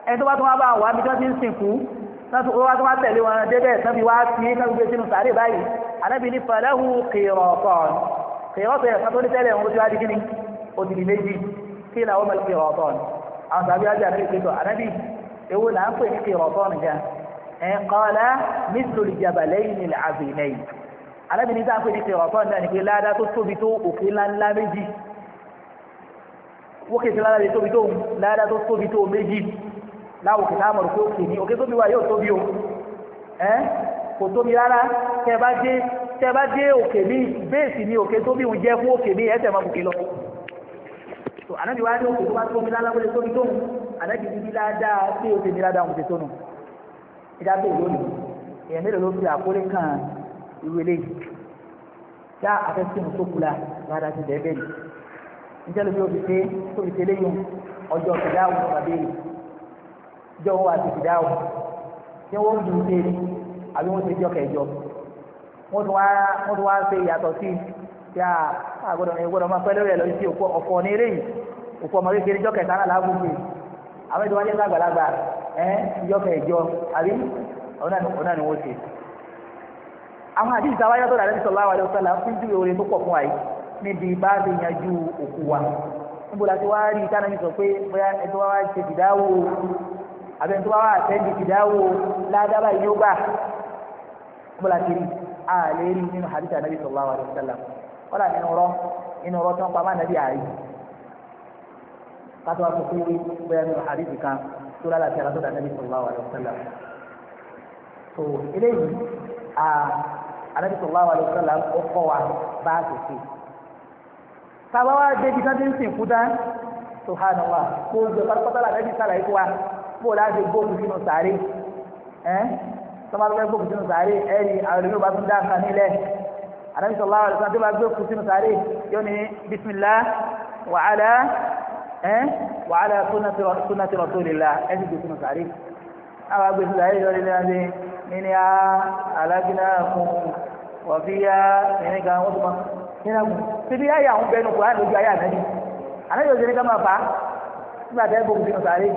ẹni tó bá tó wá bá wà bí tó ti ń sìnkú tó wá tó wá tẹ̀lé wọn débẹ̀ sábì wá sí sábì gbé sínú sàárè báyìí ànábì ní fàlẹ́hù kìrọ̀tọ̀n kìrọ̀tọ̀ ẹ̀ kọ́lá mísòlì jabalẹ́yìn ní àbìnẹ́yìn alábìnrin tá a pè ní ṣe ọ̀pọ̀ náà ní pé ládàá tó tóbi tó òkè ńláńlá méjì wókè tí ládàá tóbi tó ládàá tó tóbi tó méjì láwòkè tá a mọ̀ pé bá dé tẹ́ bá dé òkè mi bẹ́ẹ̀sì ni òkè tóbi ń jẹ́ fún òkè mi ẹ̀ tẹ̀ máa bùkè lọ so anabi wa tó bá tó mi lálá tóbi tó mu anabi ti tí o ti di ládàá òun ti tó ìdábẹ̀ lónìí èèyàn mélòó ló fi àkólé kan ìwé lé já afẹ́sìnù tó kula rárá ti bẹ́ẹ̀ bẹ́ẹ̀ níjẹ́ ló fi ó fi ṣe tó fi ṣe léyìn ọjọ́ ìdáwó tàbí ìjọ wọn àti ìdáwó tí wọ́n dùn ṣe àbí wọ́n ṣe jọ kẹjọ wọ́n tún wá wọ́n tún wá ṣe ìyàtọ̀ sí a ní máa lọ sí òkú ní eré yìí òkú ọmọ ẹ ìjọkẹ ìjọ àbí ọ̀nà ni wọ́n ṣe. àwọn àdìsí sáwá yàtọ̀ àdìsí sọ̀lá wa lọ́sọ̀ là ń fún júwe orin tó pọ̀ fún wa yìí níbi bá a ti yanjú òkú wa níbo la ti wá rí i kánáà ní sọ pé bóyá ẹni tó wá wá ṣe fìdáwó àbí ẹni tó wá wá àtẹ́ǹdì fìdáwó ládàbà yóò gbà níbo la rí a rí nínú àdìsí àdìsí sọ̀lá wa lọ́sọ̀ là wọ́n kátó wá sọ pé bóyá nínú àdìsí kan tó lálàáfíà látọ̀ dàdé ní sọ̀rọ̀ àwọn àlùfẹ́lá tó eléyìí àdàbí sọ̀rọ̀ àwọn àlùfẹ́lá ó kọ́ wa bá a tètè táwa wá débi sáté ń sìnkú dá tó há nà wá kó o jẹ pátápátá làdàbí sàlàyé fún wa bó o láti gbóòkù sínú sàárè ẹ́ tọ́ba bẹ́ẹ̀ gbókù sínú sáré ẹ̀rí àwọn ènìyàn tún dá nǹkan nílẹ̀ àdáńtì sọ̀lá àwọn tó bá gbókù sínú sáré yóò ní bisimilá wàhálà ẹ́ wàhálà sunnati rasulillah ẹ́ ti dùn sínú sàárì àwọn agbèsè sàárì lọ́dẹ ní adé nínú ya alágbèlá fún wọ̀fí ya nínú kan wọ́n tó ma nínú àgùn síbi ayé àwọn bẹ́ẹ̀ nù kúrò àlejò ayé ànábì ànábì òsèré ká máa fà á nígbà tẹ́ gbogbo sínú sàárì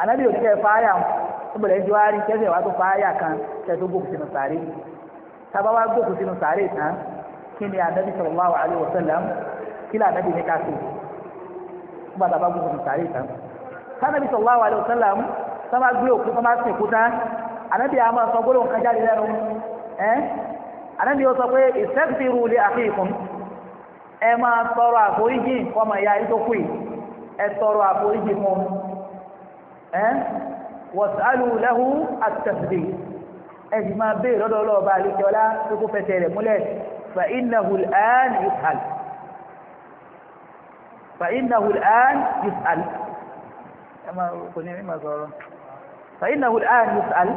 ànábì òsèré fà á yà wọn ó bẹ̀rẹ̀ ju ari kẹ́sẹ̀ wá tó fà á yà kan kẹ́ tó gbogbo sínú sàárì tábà wá gbogbo sínú sàárì tán kí ni ànábì sallallahu alaihi wasallam kí nígbà tá a bá gbé òkú sàárè tán sanabi sallallahu alayhi wa sallam sábà gbé òkú sábà sìn kú tán anabi àmọ́ sọ gbólóhùn kan jáde lẹ́nu ẹ́ anabi ó sọ pé istaghfiru li akhikum ẹ máa tọrọ àforíjì fọmọ ìyá yín yìí ẹ tọrọ àforíjì fún ẹ́ wasalu lahu at-tasbih ẹ sì máa béèrè lọ́dọ̀ àlejò ọlá tó kó fẹsẹ̀ rẹ̀ múlẹ̀ fa innahu al-an yukhal. فإنه الآن يسأل أما كنا ما صار فإنه الآن يسأل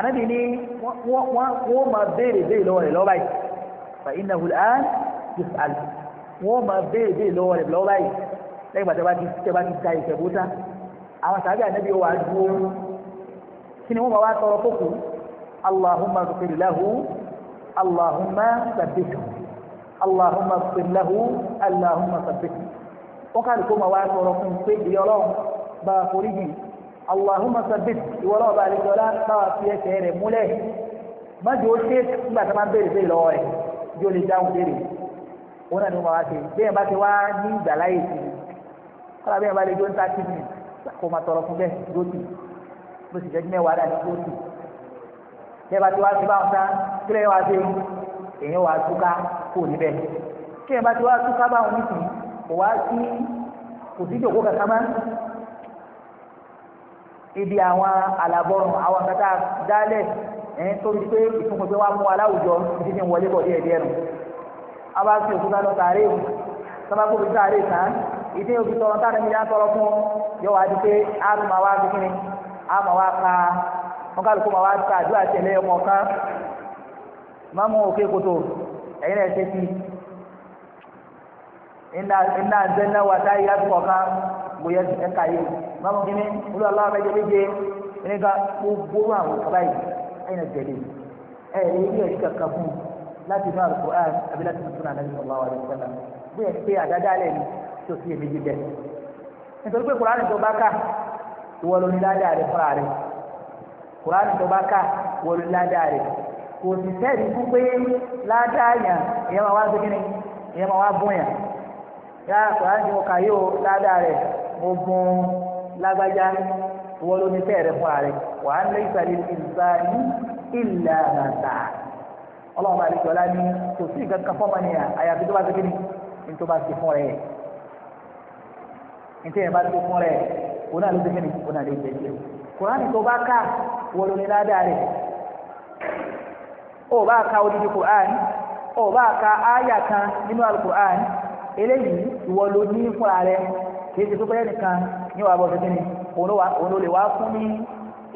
أنا بني وما بيري بيري لوري لو باي فإنه الآن يسأل وما بيري بيري لوري لو باي lẹ́yìn gbàtẹ́ bá ti tẹ́ bá ti da ìṣẹ̀bùtà àwọn sàbí ànábi wà dúró kí ni wọ́n máa wá tọrọ fókù allahumma ghfir lahu allahumma sabbithu allahumma ghfir lahu allahumma sabbithu wọ́n kárí kó máa wá sọ̀rọ̀ fún un pé ìyá ọlọ́run bá a forí jì Allahumma sabbit ìwọ ọlọ́run bá a lè jọlá bá a fi ẹsẹ̀ rẹ̀ múlẹ̀ má jò ó ṣe nígbà tó máa ń béèrè béèrè lọ́wọ́ rẹ̀ jò lè dáhùn béèrè òun náà ni wọ́n máa ṣe bẹ́ẹ̀ bá ti wá ní ìgbà láyè sí i kọ́lá bẹ́ẹ̀ bá lè jó ń ta sí mi kó máa tọrọ fún bẹ́ẹ̀ lóṣù bó sì jẹ́jú mẹ́wàá dání lóṣù bẹ́ẹ̀ bá ti wá sí báwọn tán kílẹ̀ wá sí èèyàn wá túká kò níbẹ̀ kí èèyàn bá ti wá túká báwọn nísìnyí kò wá sí kò sí ìjòkó kankan mọ́ ibi àwọn àlàbọ̀rùn àwọn kan tá a dálẹ̀ pé ìfúnpẹ̀pẹ̀ wa mú aláwùjọ ti fi wọlé bọ̀ díẹ̀ díẹ̀ nù a bá fi òkúta lọ sàárè o sábà kó fi sàárè tán ìdí òbí tọrọ tá a nìyí á tọrọ fún yọ wá di pé a tún máa wá fi kíni a máa wá ka wọn ká lóko máa wá ka àdúrà tẹ̀lé ọmọ kan máa mú òkè kòtò ẹ̀yin náà ṣe ti iná àjẹnà wà táyé yá kọ̀ọ̀kan bóyá ẹ̀ka yìí mọ́mú kínní olú aláwọ̀ méje méje nígbà gbogbo àwọn kaba yìí ẹ̀yìn àjẹlẹ̀ ẹ̀ ẹ̀ ilé ẹ̀rí kankan fún láti inú àlùkò ẹ̀ àbí láti inú súnà nàbí sọ̀rọ̀ àwọn ẹ̀sẹ̀ náà bóyá pé àdáda alẹ́ ni tí o sì yẹ méjì bẹ́ẹ̀ nítorí pé kùránì tó bá kà ìwọ ló ní ládàá rẹ fúnra rẹ kùránì tó bá kà ìwọ ló ní ládàá rẹ kò sì sẹ́ẹ̀dì fún pé ládàá yàn ìyẹn máa wá sí kíni ìyẹn máa wá bún yàn yá àkùránì tí yóò dáadáa rẹ̀ mo lágbájá wọ́n ní fẹ́ẹ̀rẹ̀ fún ààrẹ wà á lé ìsàlẹ̀ ìsàlẹ̀ ìlà àgbà ọlọ́run àti ìjọba ní kò sí ìgbà fọ́ọ̀mù ni àyàfi tó bá ti kíni ní tó bá ti fún rẹ̀ ní tẹ́yìn bá ti fún rẹ̀ náà ló ti kíni náà lè jẹ́ jẹ́ kùránì tó bá ní rẹ̀ ó bá odidi kùránì ó eléyìí ìwọ ló ní fúnra rẹ kì í ṣe pípẹ́ nìkan ní wàá bọ̀ tuntun ni òun ló lè wá fún ní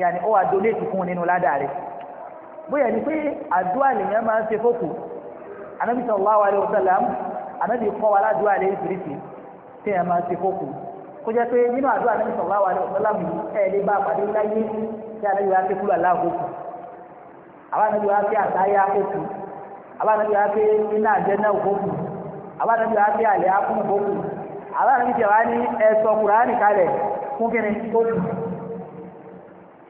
yàní ó wà donate fún un nínú ládàá rẹ bóyá ni pé àdúrà lèèyàn máa ń ṣe fókù anabi sallallahu alayhi wa sallam anabi kọ́ wa ládùúrà lè ṣiríṣi téèyàn máa ń ṣe fókù kó jẹ́ pé nínú àdúrà anabi sallallahu alayhi wa sallam yìí ẹ̀ lè bá pàdé láyé tí anabi wa ké kúlọ̀ aláàbò kù àwọn anabi wa ké àtàyà kó kù àwọn anabi wa ké iná àjẹ náà kó àbájáde wa bí àlẹ́ akún òkú àbájáde tí a wá ní ẹ̀sọ́ kùránì kalẹ̀ fún kíni òkú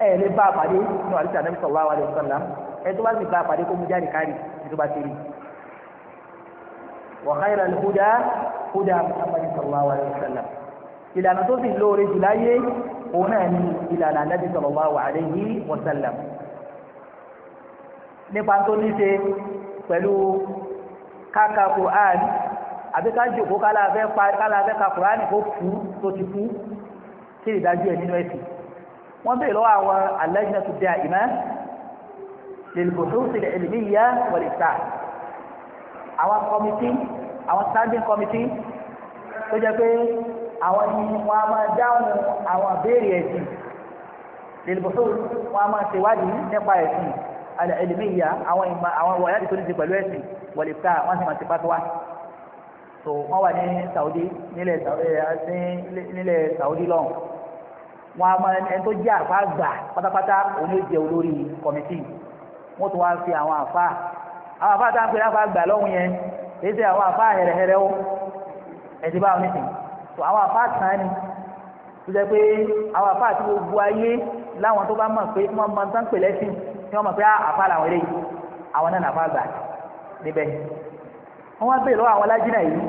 ẹ̀ lè bá a pàdé ní wàlúùsì àdàbí sallallahu alaihi wasallam ẹ̀ tó bá sì bá a pàdé kó mú jáde kárì ní tó bá ti rí wa khairal huda huda Muhammad sallallahu alaihi wasallam ìlànà tó sì lóore jù láyé òun náà ni ìlànà ànábì sallallahu alaihi wasallam nípa tó ní ṣe pẹ̀lú káka Qur'an àbí ká jòkó kálàfẹ́ pa kálàfẹ́ ka kùránì kó kú tó ti kú kí ìdájú ẹ̀ nínú ẹ̀sìn wọ́n bèèrè lọ́wọ́ àwọn alẹ́jìnà tó dé àìmọ́ lèlùbùsùn ìlmíyà wọlé sá àwọn kọmitì àwọn standing committee tó jẹ́ pé àwọn ni wọ́n á máa dáhùn àwọn béèrè ẹ̀sìn lèlùbùsùn wọ́n á máa ṣèwádìí nípa ẹ̀sìn alẹ́ ìlmíyà àwọn ìmọ̀ àwọn wọ̀nyá tó ti di pẹ̀lú ẹ̀sìn wọlé sá wọ́n sì máa ti pàtó wá so wọ́n wà ní Saudi nílẹ̀ nílẹ̀ Saudi lọ́hùn wọn a máa ẹni tó jẹ́ àfa gbà pátápátá òun ló jẹ́ olórí kọ̀mìtì wọ́n tún wá fi àwọn àfa àwọn àfa tá à ń pè ní àfa gbà lọ́hùn yẹn èyí sẹ́ àwọn àfa hẹ̀rẹ̀hẹ̀rẹ̀ ó ẹ̀sìn báwọn nìsín so àwọn àfa tán ni tó jẹ́ pé àwọn àfa àti gbogbo ayé láwọn tó bá mọ̀ pé wọ́n máa ń tán pè lẹ́sìn tí wọ́n mọ̀ pé ah, àfa làwọn eléyìí àwọn náà nàfa gbà níbẹ̀ wọ́n wá bèèrè lọ́wọ́ àwọn alájínà yìí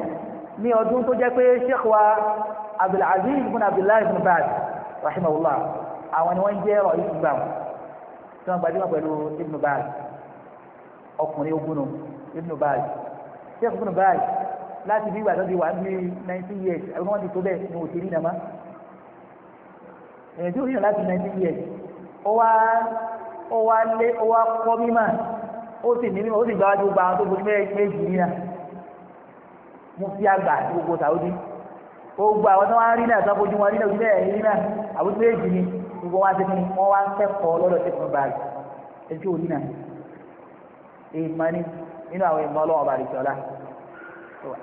ní ọdún tó jẹ́ pé sheikh wa abdulaziz ibn abdullahi ibn baz rahimahullah àwọn ni wọ́n jẹ́ ọ̀rọ̀ yìí gbà wọn tí wọ́n gbajúmọ̀ pẹ̀lú ibn baz ọkùnrin ogun nù ibn baz sheikh ibn baz láti bí ìgbà tó di wà ní nineteen years àbí wọ́n ti tó bẹ́ẹ̀ ni òtí rí nàmá èyàn tí ó yàn láti nineteen years ó wá ó wá lé ó wá kọ́ mímà ó sì ní mímà ó sì gbáwájú gba àwọn tó gbóni méjì mufti àgbà tí gbogbo sàwùdí gbogbo àwọn tó wá rí náà sọ́kò ojú wọn rí náà ojú bẹ́ẹ̀ rí náà àbúrò èjì ni gbogbo wa ti fi wọn wá kẹ́kọ̀ọ́ lọ́dọ̀ tí kò báyìí ẹjọ́ òní náà èèmọ̀ ni nínú àwọn èèmọ̀ ọlọ́wọ́ bàrẹ̀ ìṣọ̀lá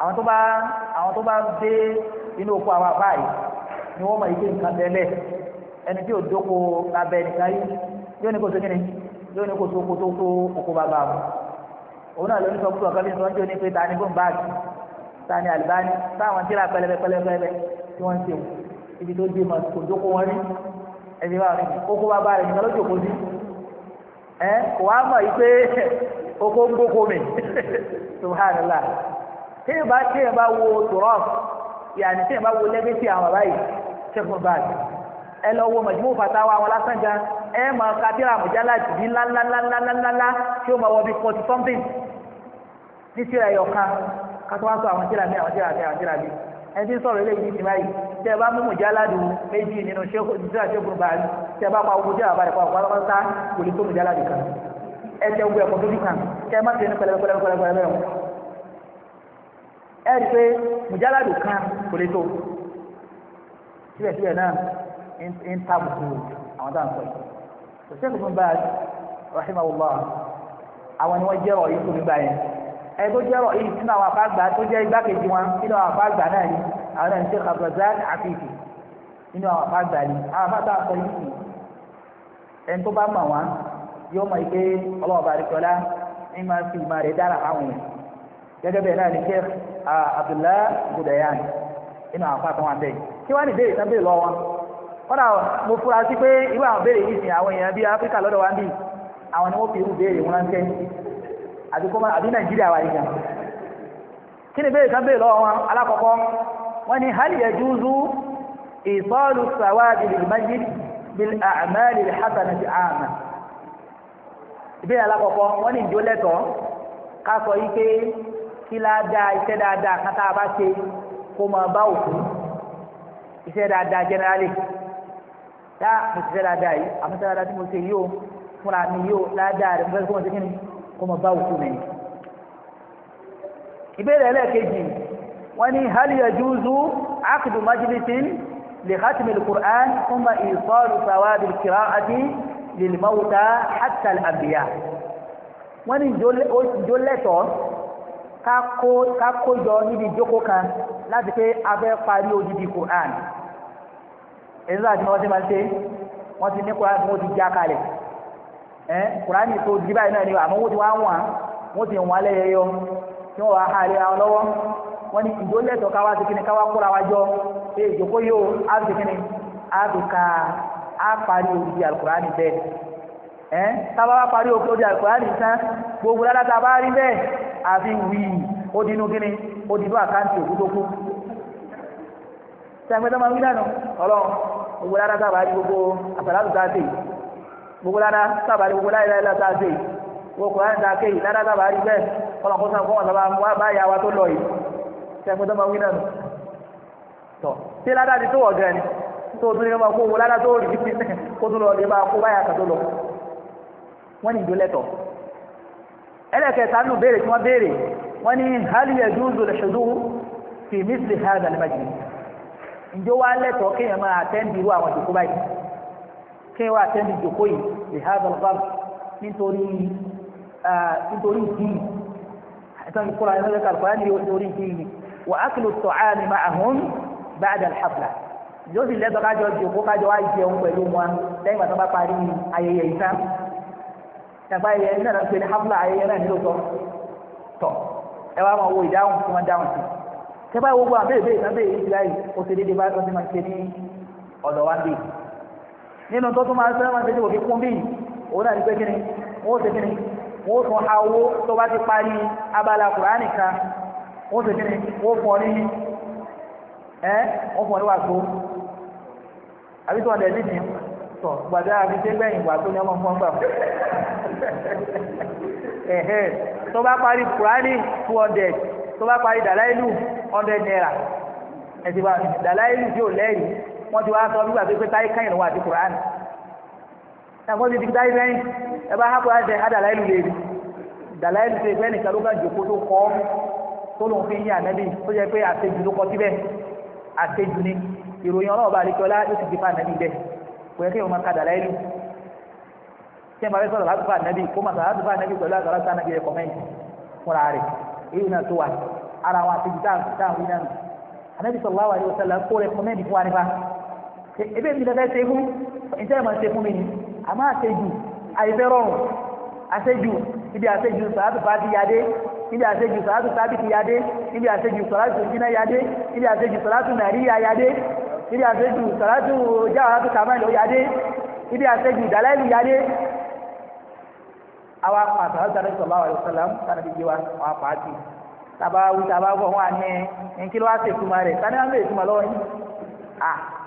àwọn tó bá àwọn tó bá dé inú oko àwọn àbá yìí ni wọ́n mọ̀ ike nǹkan tẹ́lẹ̀ ẹni tí ò dóko abẹ́ nìkan yìí yóò ní kó ni yóò ní kó sóko tó kó oko bàbá wọn òun náà lóní sọ fún ọ̀kan bí sọ́njọ́ ni bóun Sani Albani táwọn tíra pẹlẹbẹ pẹlẹbẹ tí wọ́n ń ṣe wọn ibi tó dé ma kò dóko wọn rí ẹni bá rí kókó bá bá rẹ nìkan ló jòkó sí ẹ kò wá mọ̀ yìí pé kókó ń gbóko mi subhanallah téèyàn bá téèyàn bá wo tòrọ́f yàní téèyàn bá wo lẹ́gẹ́sì àwọn bàbá yìí ṣẹ́gun báàgì ẹ lọ wo mọ̀júmọ́ fatawa àwọn lásán gan ẹ mọ̀ kábírà mùjálá jìbí ńláńláńláńláńlá tí ó mọ̀ wọ́n bí forty something ní tíra ẹ̀yọ̀ kan kátó wá sọ àwọn tíra mi àwọn tíra mi àwọn tíra mi ẹni tí ń sọ̀rọ̀ eléyìí ti báyìí tẹ́ ẹ bá mú mùjáládù méjì nínú tíra ṣẹ́gun báyìí tẹ́ ẹ bá pa ogun tíra balẹ̀ pa ọ̀pọ̀ alábàtà kò lè tó mùjáládù kan ẹsẹ̀ ogun ẹ̀kọ́ tóbi kan kẹ́ ẹ má ti ní pẹlẹpẹlẹpẹlẹpẹlẹ ẹ rí i pé mùjáládù kan kò lè tó síbẹ̀síbẹ̀ náà ń tàbùkù àwọn táwọn sọ yìí kò sẹ́gun báyìí rahimahullah àwọn ni wọ́n jẹ́ ọ̀rọ̀ ẹni tó jẹ́ rọ̀ yìí sínú àwọn àfáàgbà tó jẹ́ igbákejì wọn sínú àwọn àfáàgbà náà ni àwọn ẹni tó Abdulrazak Afifi nínú àwọn àfáàgbà ni àwọn àfáàgbà sọ yìí ẹni tó bá mọ̀ wọn yóò mọ̀ pé ọlọ́wọ́ baríkọ́lá ní máa fi ìmọ̀ rẹ̀ dára àwọn yẹn gẹ́gẹ́ bẹ́ẹ̀ náà ni Sheikh Abdullah Budayan nínú àwọn àfáàgbà wọn bẹ́ẹ̀ kí wọ́n ní béèrè tán béèrè lọ́wọ́ wọn àti kọ́mọ àbí nàìjíríà wa yìí kan kí ni bẹ́ẹ̀ kan bẹ́ẹ̀ lọ́wọ́ wọn alákọ̀ọ́kọ́ wọn ni hali yẹ júùzú ìsọ́ọ̀lù sàwáàdì lìmájì bil àmàlì hasana ti àmà ìbéèrè alákọ̀ọ́kọ́ wọn ni ìjó lẹ́tọ̀ọ́ ká sọ yìí pé kí ládàá iṣẹ́ dáadáa kan mo ti ṣe dáadáa yìí àmọ́ dáadáa tí mo ṣe yìí fúnra mi yìí o rẹ̀ mo fẹ́ kó mo kí ni kó mọ bá òkú nìyí. ìbéèrè ẹlẹ́ẹ̀kejì wọ́n ní hal yajuzu aqdu majlisin li khatmi al-Qur'an thumma isalu thawabi al-qira'ati lil mawta hatta al-anbiya. wọ́n ní ìjó lẹ́tọ̀ọ́ kákó jọ níbi ìjókòó kan láti pé a parí odidi Qur'an. èyí ló wọ́n ti máa ń ṣe wọ́n ti ní Qur'an fún ti já kalẹ̀ ẹ eh, kùránì tó di báyìí náà ni àmọ́ wọ́n ti wá wọ̀n wọ́n ti wọ̀n alẹ́ yẹyọ tí wọ́n wá ha lé àwọn lọ́wọ́ wọ́n ní ìjó lẹ́tọ̀ káwá ti kíni káwá kóra wájọ pé ìjòkó yóò á ti kíni á ti ka á parí òdìdí àlùkùránì bẹ́ẹ̀ ẹ eh, tábà wá parí òdìdí àlùkùránì tán gbogbo dáadáa tá a bá rí bẹ́ẹ̀ àfi wíì ó dinú kíni ó dinú àkáǹtì òkú tó kú sẹ́gbẹ́tọ́ máa ń wí dànù ọlọ́run gbogbo dáadáa tá a bá rí gbogbo àtàlà gbogbo lára sábàárì gbogbo láyé láyé láta àti gbogbo láyé láta àti lára sábàárì bẹ́ẹ̀ kọ́nà kó sàn kọ́nà sábà wá bá ìyá wa tó lọ yìí sẹ́kùn tó máa wí náà tọ̀ tí lára ti tó wọ̀ gan ni tó o tún ní máa kó owó lára tó rí títí kó tún lọ lè máa kó báyà kà tó lọ wọ́n ní ìdólẹ́tọ̀ ẹlẹ́kẹ̀ẹ́ta nù béèrè tí wọ́n béèrè wọ́n ní hali yajuzu al-hudur fi misli hadha al-majlis ǹjẹ́ wàá lẹ́tọ̀ọ́ kéèyàn máa àtẹ́ǹdì irú àwọn ìdòkú báyìí kẹwàá tẹ́lẹ̀ ìjòkó yìí lè ha bàbá nítorí uh, nítorí ìdíyì àìsàn ìkóra ẹ̀rọ lẹ́ka àlùkò láti nítorí ìdíyì ni wà á kìlò tọ̀ á ní máa hàn bá a dàlẹ́ àpàlà yóò sì lẹ́tọ̀ kájọ ìjòkó kájọ wá jẹun pẹ̀lú wọn lẹ́yìn ìgbà tó bá parí ayẹyẹ ìta ìjàmbá ayẹyẹ náà ló ń pè ayẹyẹ náà nílò tọ́ tọ́ ẹ wá máa wo ìdáhùn tí wọ́n dáhùn sí tẹ́ bá gbogbo àbẹ́ẹ̀bẹ́ẹ̀ náà bẹ́ẹ̀ yìí nínú tó tún máa sẹ́wọ́n ṣe tí òfin kún bíi òun náà ní pé kíni wọ́n ó ṣe kíni wọ́n ó tún ha owó tó bá ti parí abala kùránì kan wọ́n ó ṣe kíni wọ́n ó fún ọ ní ẹ́ wọ́n fún ọ ní wàásù àbí tí wọ́n dẹ̀ nídìí sọ gbàdá àfi ṣé gbẹ̀yìn wà tó ní ọmọ fún ọgbà fún ẹ̀hẹ́ tó bá parí kùránì two hundred tó bá parí dàláìlù hundred naira ẹ̀sìn bá dàláìlù tí ò lẹ́yìn wọ́n ti wá sọ bí wàá pé táyé káyìn lọ́wọ́ àti kùránì ẹ̀fọ́n ti di táyé lẹ́yìn ẹ bá hápọ̀ àti àdàlá ìlú lè rí dàlá ìlú ṣe pé nìkan ló bá jòkó tó kọ́ tó lòun fi ń yí ànábì tó jẹ́ pé àṣejù ló kọ síbẹ̀ àṣejù ni ìròyìn ọlọ́ọ̀bá àlekọ́lá yóò ti di fa ànábì bẹ́ẹ̀ kò yẹ kí wọ́n máa ka dàlá ìlú tí ẹ bá fẹ́ sọ̀rọ̀ láti sallallahu alaihi wasallam kó rẹ̀ kọ́mẹ́ǹtì fún wa nípa ebe mi lẹ́fẹ́ ṣe fún ìṣe ìmọ̀ ṣe fún mi ni àmọ́ àṣejù àìfẹ́ rọrùn àṣejù ibi àṣejù sàátù bá ti yadé ibi àṣejù sàátù sábìtì yadé ibi àṣejù sàátù jìnnà yadé ibi àṣejù sàátù nàríyà yadé ibi àṣejù sàátù jáwàátù kàmáìlì yadé ibi àṣejù dàlẹ́lì yadé àwa pàtó àwọn sàrẹ́ sọ̀lá àwọn ìṣọ̀lám sàrẹ́ bíi wa àwọn pàtó tàbá wù tàbá wọ̀ wọn àní nkí ló wá ṣètùmọ̀ rẹ̀ sani wọn bẹ̀ ṣètùmọ̀ lọ́wọ́ yìí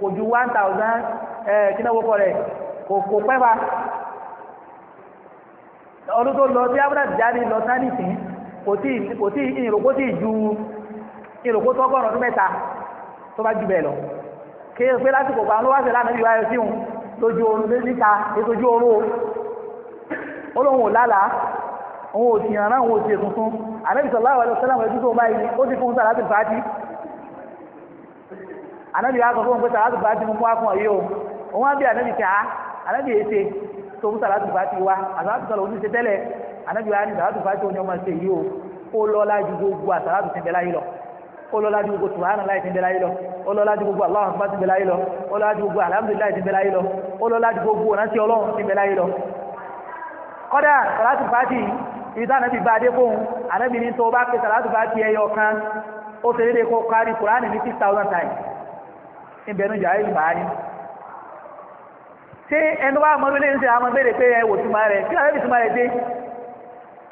kò ju one thousand kí náà wọ́pọ̀ rẹ̀ kò kò pẹ́ bá ọdún tó lọ sí abúlé jáde lọ sánìtì kò tí kò tí ìròkó tí ju ìròkó tọ́gọ́rùn ọdún mẹ́ta tó bá ju bẹ́ẹ̀ lọ kí o pé lásìkò pa ló wá sí lánàá yóò ayọ̀ sí òun lójú oorun níta ètòjú oorun o ó lóun ò lálàá òun ò tìyàn náà òun ò tìyè tuntun àlẹ́ ìsọ̀lá àwọn ẹ̀sọ́lá àwọn ẹ̀dúgbò báyìí ó anabi wa sọ fún pé sàlátù fàtì mú wá fún ọ yìí o òun á bí anabi tà á anabi yìí ṣe tó mú sàlátù fàtì wá àsàlátù sọlọ oníṣe tẹ́lẹ̀ anabi wa ní sàlátù fàtì oní ọmọ ṣe yìí o ó lọ́lá ju gbogbo àsàlátù ti bẹ̀lá yìí lọ ó lọ́lá ju gbogbo subhanallahi ti bẹ̀lá yìí lọ ó lọ́lá ju gbogbo Allahu akbar ti bẹ̀lá yìí lọ ó lọ́lá ju gbogbo alhamdulillahi ti bẹ̀lá yìí lọ ó lọ́lá ju gbogbo ọ̀nàtí ọlọ́run ti bẹ̀lá yìí lọ. kọ́dà sàlátù fàtì ibi táwọn ẹbí bá a dé fóun àlẹ́bí ní tó bá pè sàlátù fàtì ẹyọ kan ó ṣe déédéé kó kárí kùránì ní six thousand times níbẹ̀nu jà ìlú bàá ní. ṣé ẹnu wa mọ lórí ṣe àwọn béèrè pé ẹ wò túmọ̀ rẹ̀ kí làwọn ìtumọ̀ rẹ̀ dé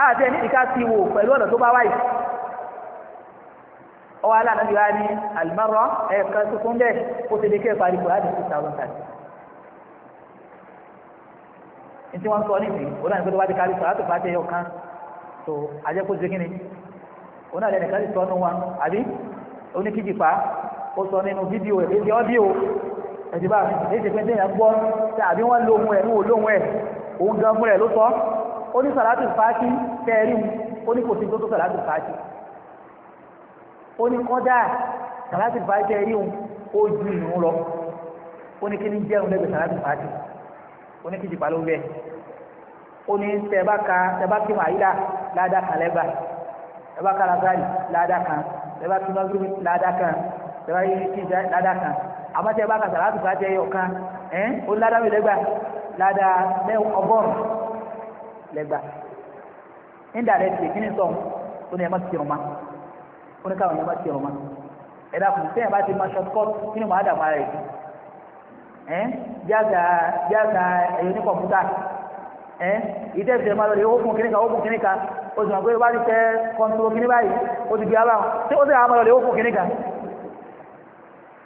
àti ẹni ìka ti wò pẹ̀lú ọ̀nà tó bá wáyé. ọwọ́ aláàánú ti wá ní àlùmọ́rọ́ ẹ̀ka tuntun bẹ́ẹ̀ kó ti lè kẹ́ parí kó láti two thousand thirty. ní tí ó sọ nínú fídíò ẹ̀ léde ọ́díò ẹ̀dí bá mi èyí ṣe pé ní ẹ̀gbọ́ tàbí wọ́n lo ohun ẹ̀ ní olóhùn ẹ̀ òun gan fúnra ẹ̀ ló sọ ó ní sàlátì fàájì kẹrin ó ní kò sí tó tó sàlátì fàájì ó ní kọ́dà sàlátì fàájì kẹrin ó ju ìrún lọ ó ní kí ni jẹun lẹ́gbẹ̀ẹ́ sàlátì fàájì ó ní kí jìpá ló bẹ́ẹ̀ ó ní tẹ̀bá ka tẹ̀bá kí màáyílá ládàá kan lẹ́gbàá tẹ̀bá kára sáàlì ládàá kan tẹ̀bá kí mọ́gírì ládàá kan tẹ́lá yìí ti ládàá kan àmọ́ tẹ́ bá ka sàlátù ká tẹ́ yọ kan ẹ̀ ó ládàá mi lẹ́gbà ládàá mẹ́ ọgọ́rùn lẹ́gbà nígbà rẹ̀ tì kíni sọ̀ ó ní ẹ̀ má ti rùn ma ó ní káwọn ẹ̀ má ti rùn ma ẹ̀ dàkùn sẹ́yìn bá ti ma short cut kíni mo á dà máa rẹ̀ ẹ̀ jáza jáza ẹ̀yọ́ ní kọ̀m̀pútà ẹ̀ ìdẹ́sẹ̀ máa lọ rẹ̀ ó fún kíníkà ó fún kíníkà ó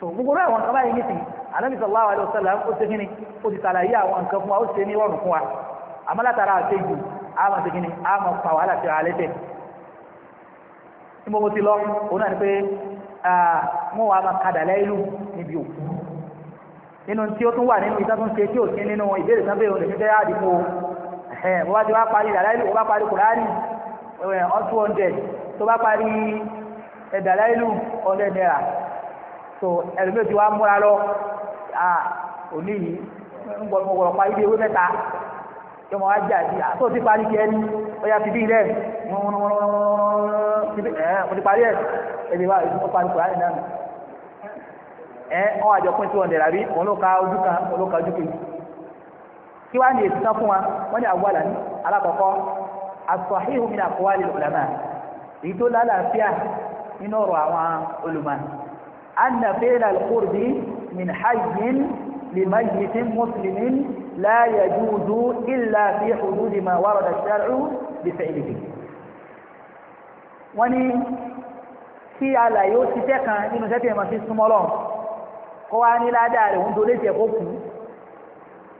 so gbogbo rẹ̀ àwọn nǹkan báyìí ní sìn Ànábì sallallahu alaihi wasallam ó ṣe kíni ó ti ṣàlàyé àwọn nǹkan fún wa ó ṣe ní rọrùn fún wa àmọ́ látara àṣejù àmọ́ ṣe kíni àmọ́ pa wàhálà sí ara lẹ́sẹ̀ tí mo ti lọ òun náà ni pé mo wà máa kadà lẹ́yìn níbi òkú nínú tí ó tún wà nínú ìtàkùn ṣe tí ò sí nínú ìbéèrè sábẹ́ òun lèmi fẹ́ àdìpọ̀ ẹ̀ mo bá ti wá parí ìdàlẹ́lù mo bá parí kùránì ọ̀n two hundred tó bá parí ìdàlẹ́lù ọ̀dẹ̀ náírà so ẹlòmíì ti wá múra lọ òní yìí ń gbọ́ mo wọ̀rọ̀ pa ibi ewé mẹ́ta yọmọ wá jà sí àtò ti parí kí ẹni ọya ti bí ilẹ̀ mo ti parí ẹ̀ ẹni wá ìlú mo parí kùránì náà ẹ ọ àjọ pín two hundred àbí òun ló ka ojú kan òun ló ka ojú kejì kí wàá ní èsì tán fún wa wọ́n ní àwọn àlàní alákọ̀ọ́kọ́ as-sahihu min aqwali al-ulama èyí tó lálàáfíà nínú ọ̀rọ̀ àwọn olùmọ̀ أن فعل القرب من حي لميت مسلم لا يجوز إلا في حدود ما ورد الشرع بفعله wani kí àlàyé ó ti tẹ́kan nínú sẹ́tẹ̀ ìmọ̀ sí súnmọ́ lọ kó wá ní ládàá rẹ̀ ń dolé tiẹ̀ kó kú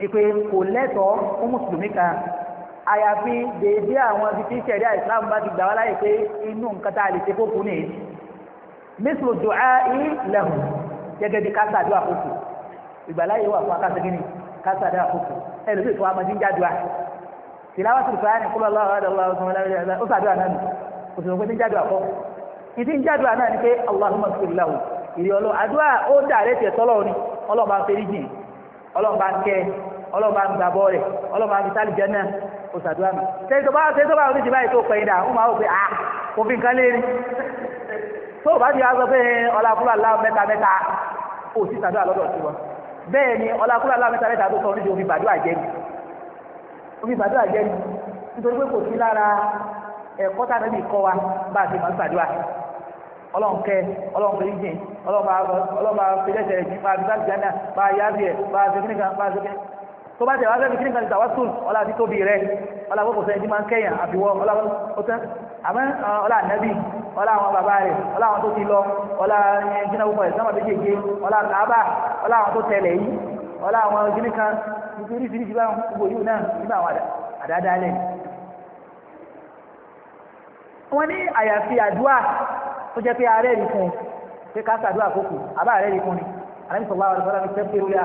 ìpè kò lẹ́tọ̀ọ́ fún mùsùlùmí kan àyàfi dèédé àwọn ibi tí sẹ̀ríà ìsìláàmù bá ti gbà wá láyè pé inú nǹkan tá a lè ṣe kó kú nìyí mísìlù dùá yìí lẹ́hùn gẹ́gẹ́ bí kásá àdúrà fòkù ìgbàláyé wà fún akásá gíní kásá àdúrà fòkù ẹlòmíì fún amadi ń já dùá tìláwá tó fàá ní kúlọ̀ aláwọ̀ adàlá ọ̀sán ọ̀làwọ̀ ó sàdúrà náà kò sì mọ̀ pé ti ń já dùá kọ́ ìdí ń já dùá náà ni pé ni tó bá ti wá sọ pé ọlá fúlà láwọn mẹ́ta mẹ́ta kò sí sàdúrà lọ́dọ̀ sí wọn bẹ́ẹ̀ ni ọlá fúlà láwọn tó sọ níbi òfin gbàdúrà jẹ́ ni òfin gbàdúrà nítorí pé kò sí lára ẹ̀kọ́ tá a níbi kọ́ wa bá a ti máa ń ọlọ́nkẹ́ ọlọ́nkẹ́ tó bá tẹ̀wá fẹ́mi kíni kan ti tàwásùl ọlá àti tóbi rẹ ọlá àkókò sẹ́yìn tí máa ń kẹ́yìn àfiwọ́ ọlá ọtẹ́ àmọ́ ọlá ànábì ọlá àwọn bàbá rẹ̀ ọlá àwọn tó ti lọ ọlá jìnnà púpọ̀ ẹ̀ sábà méjèèjì ọlá kàábà ọlá àwọn tó tẹ̀lẹ̀ yìí ọlá àwọn kíni kan nítorí ìfìdíjì bá gbogbo yìí náà nígbà àwọn àdáadáa lẹ̀.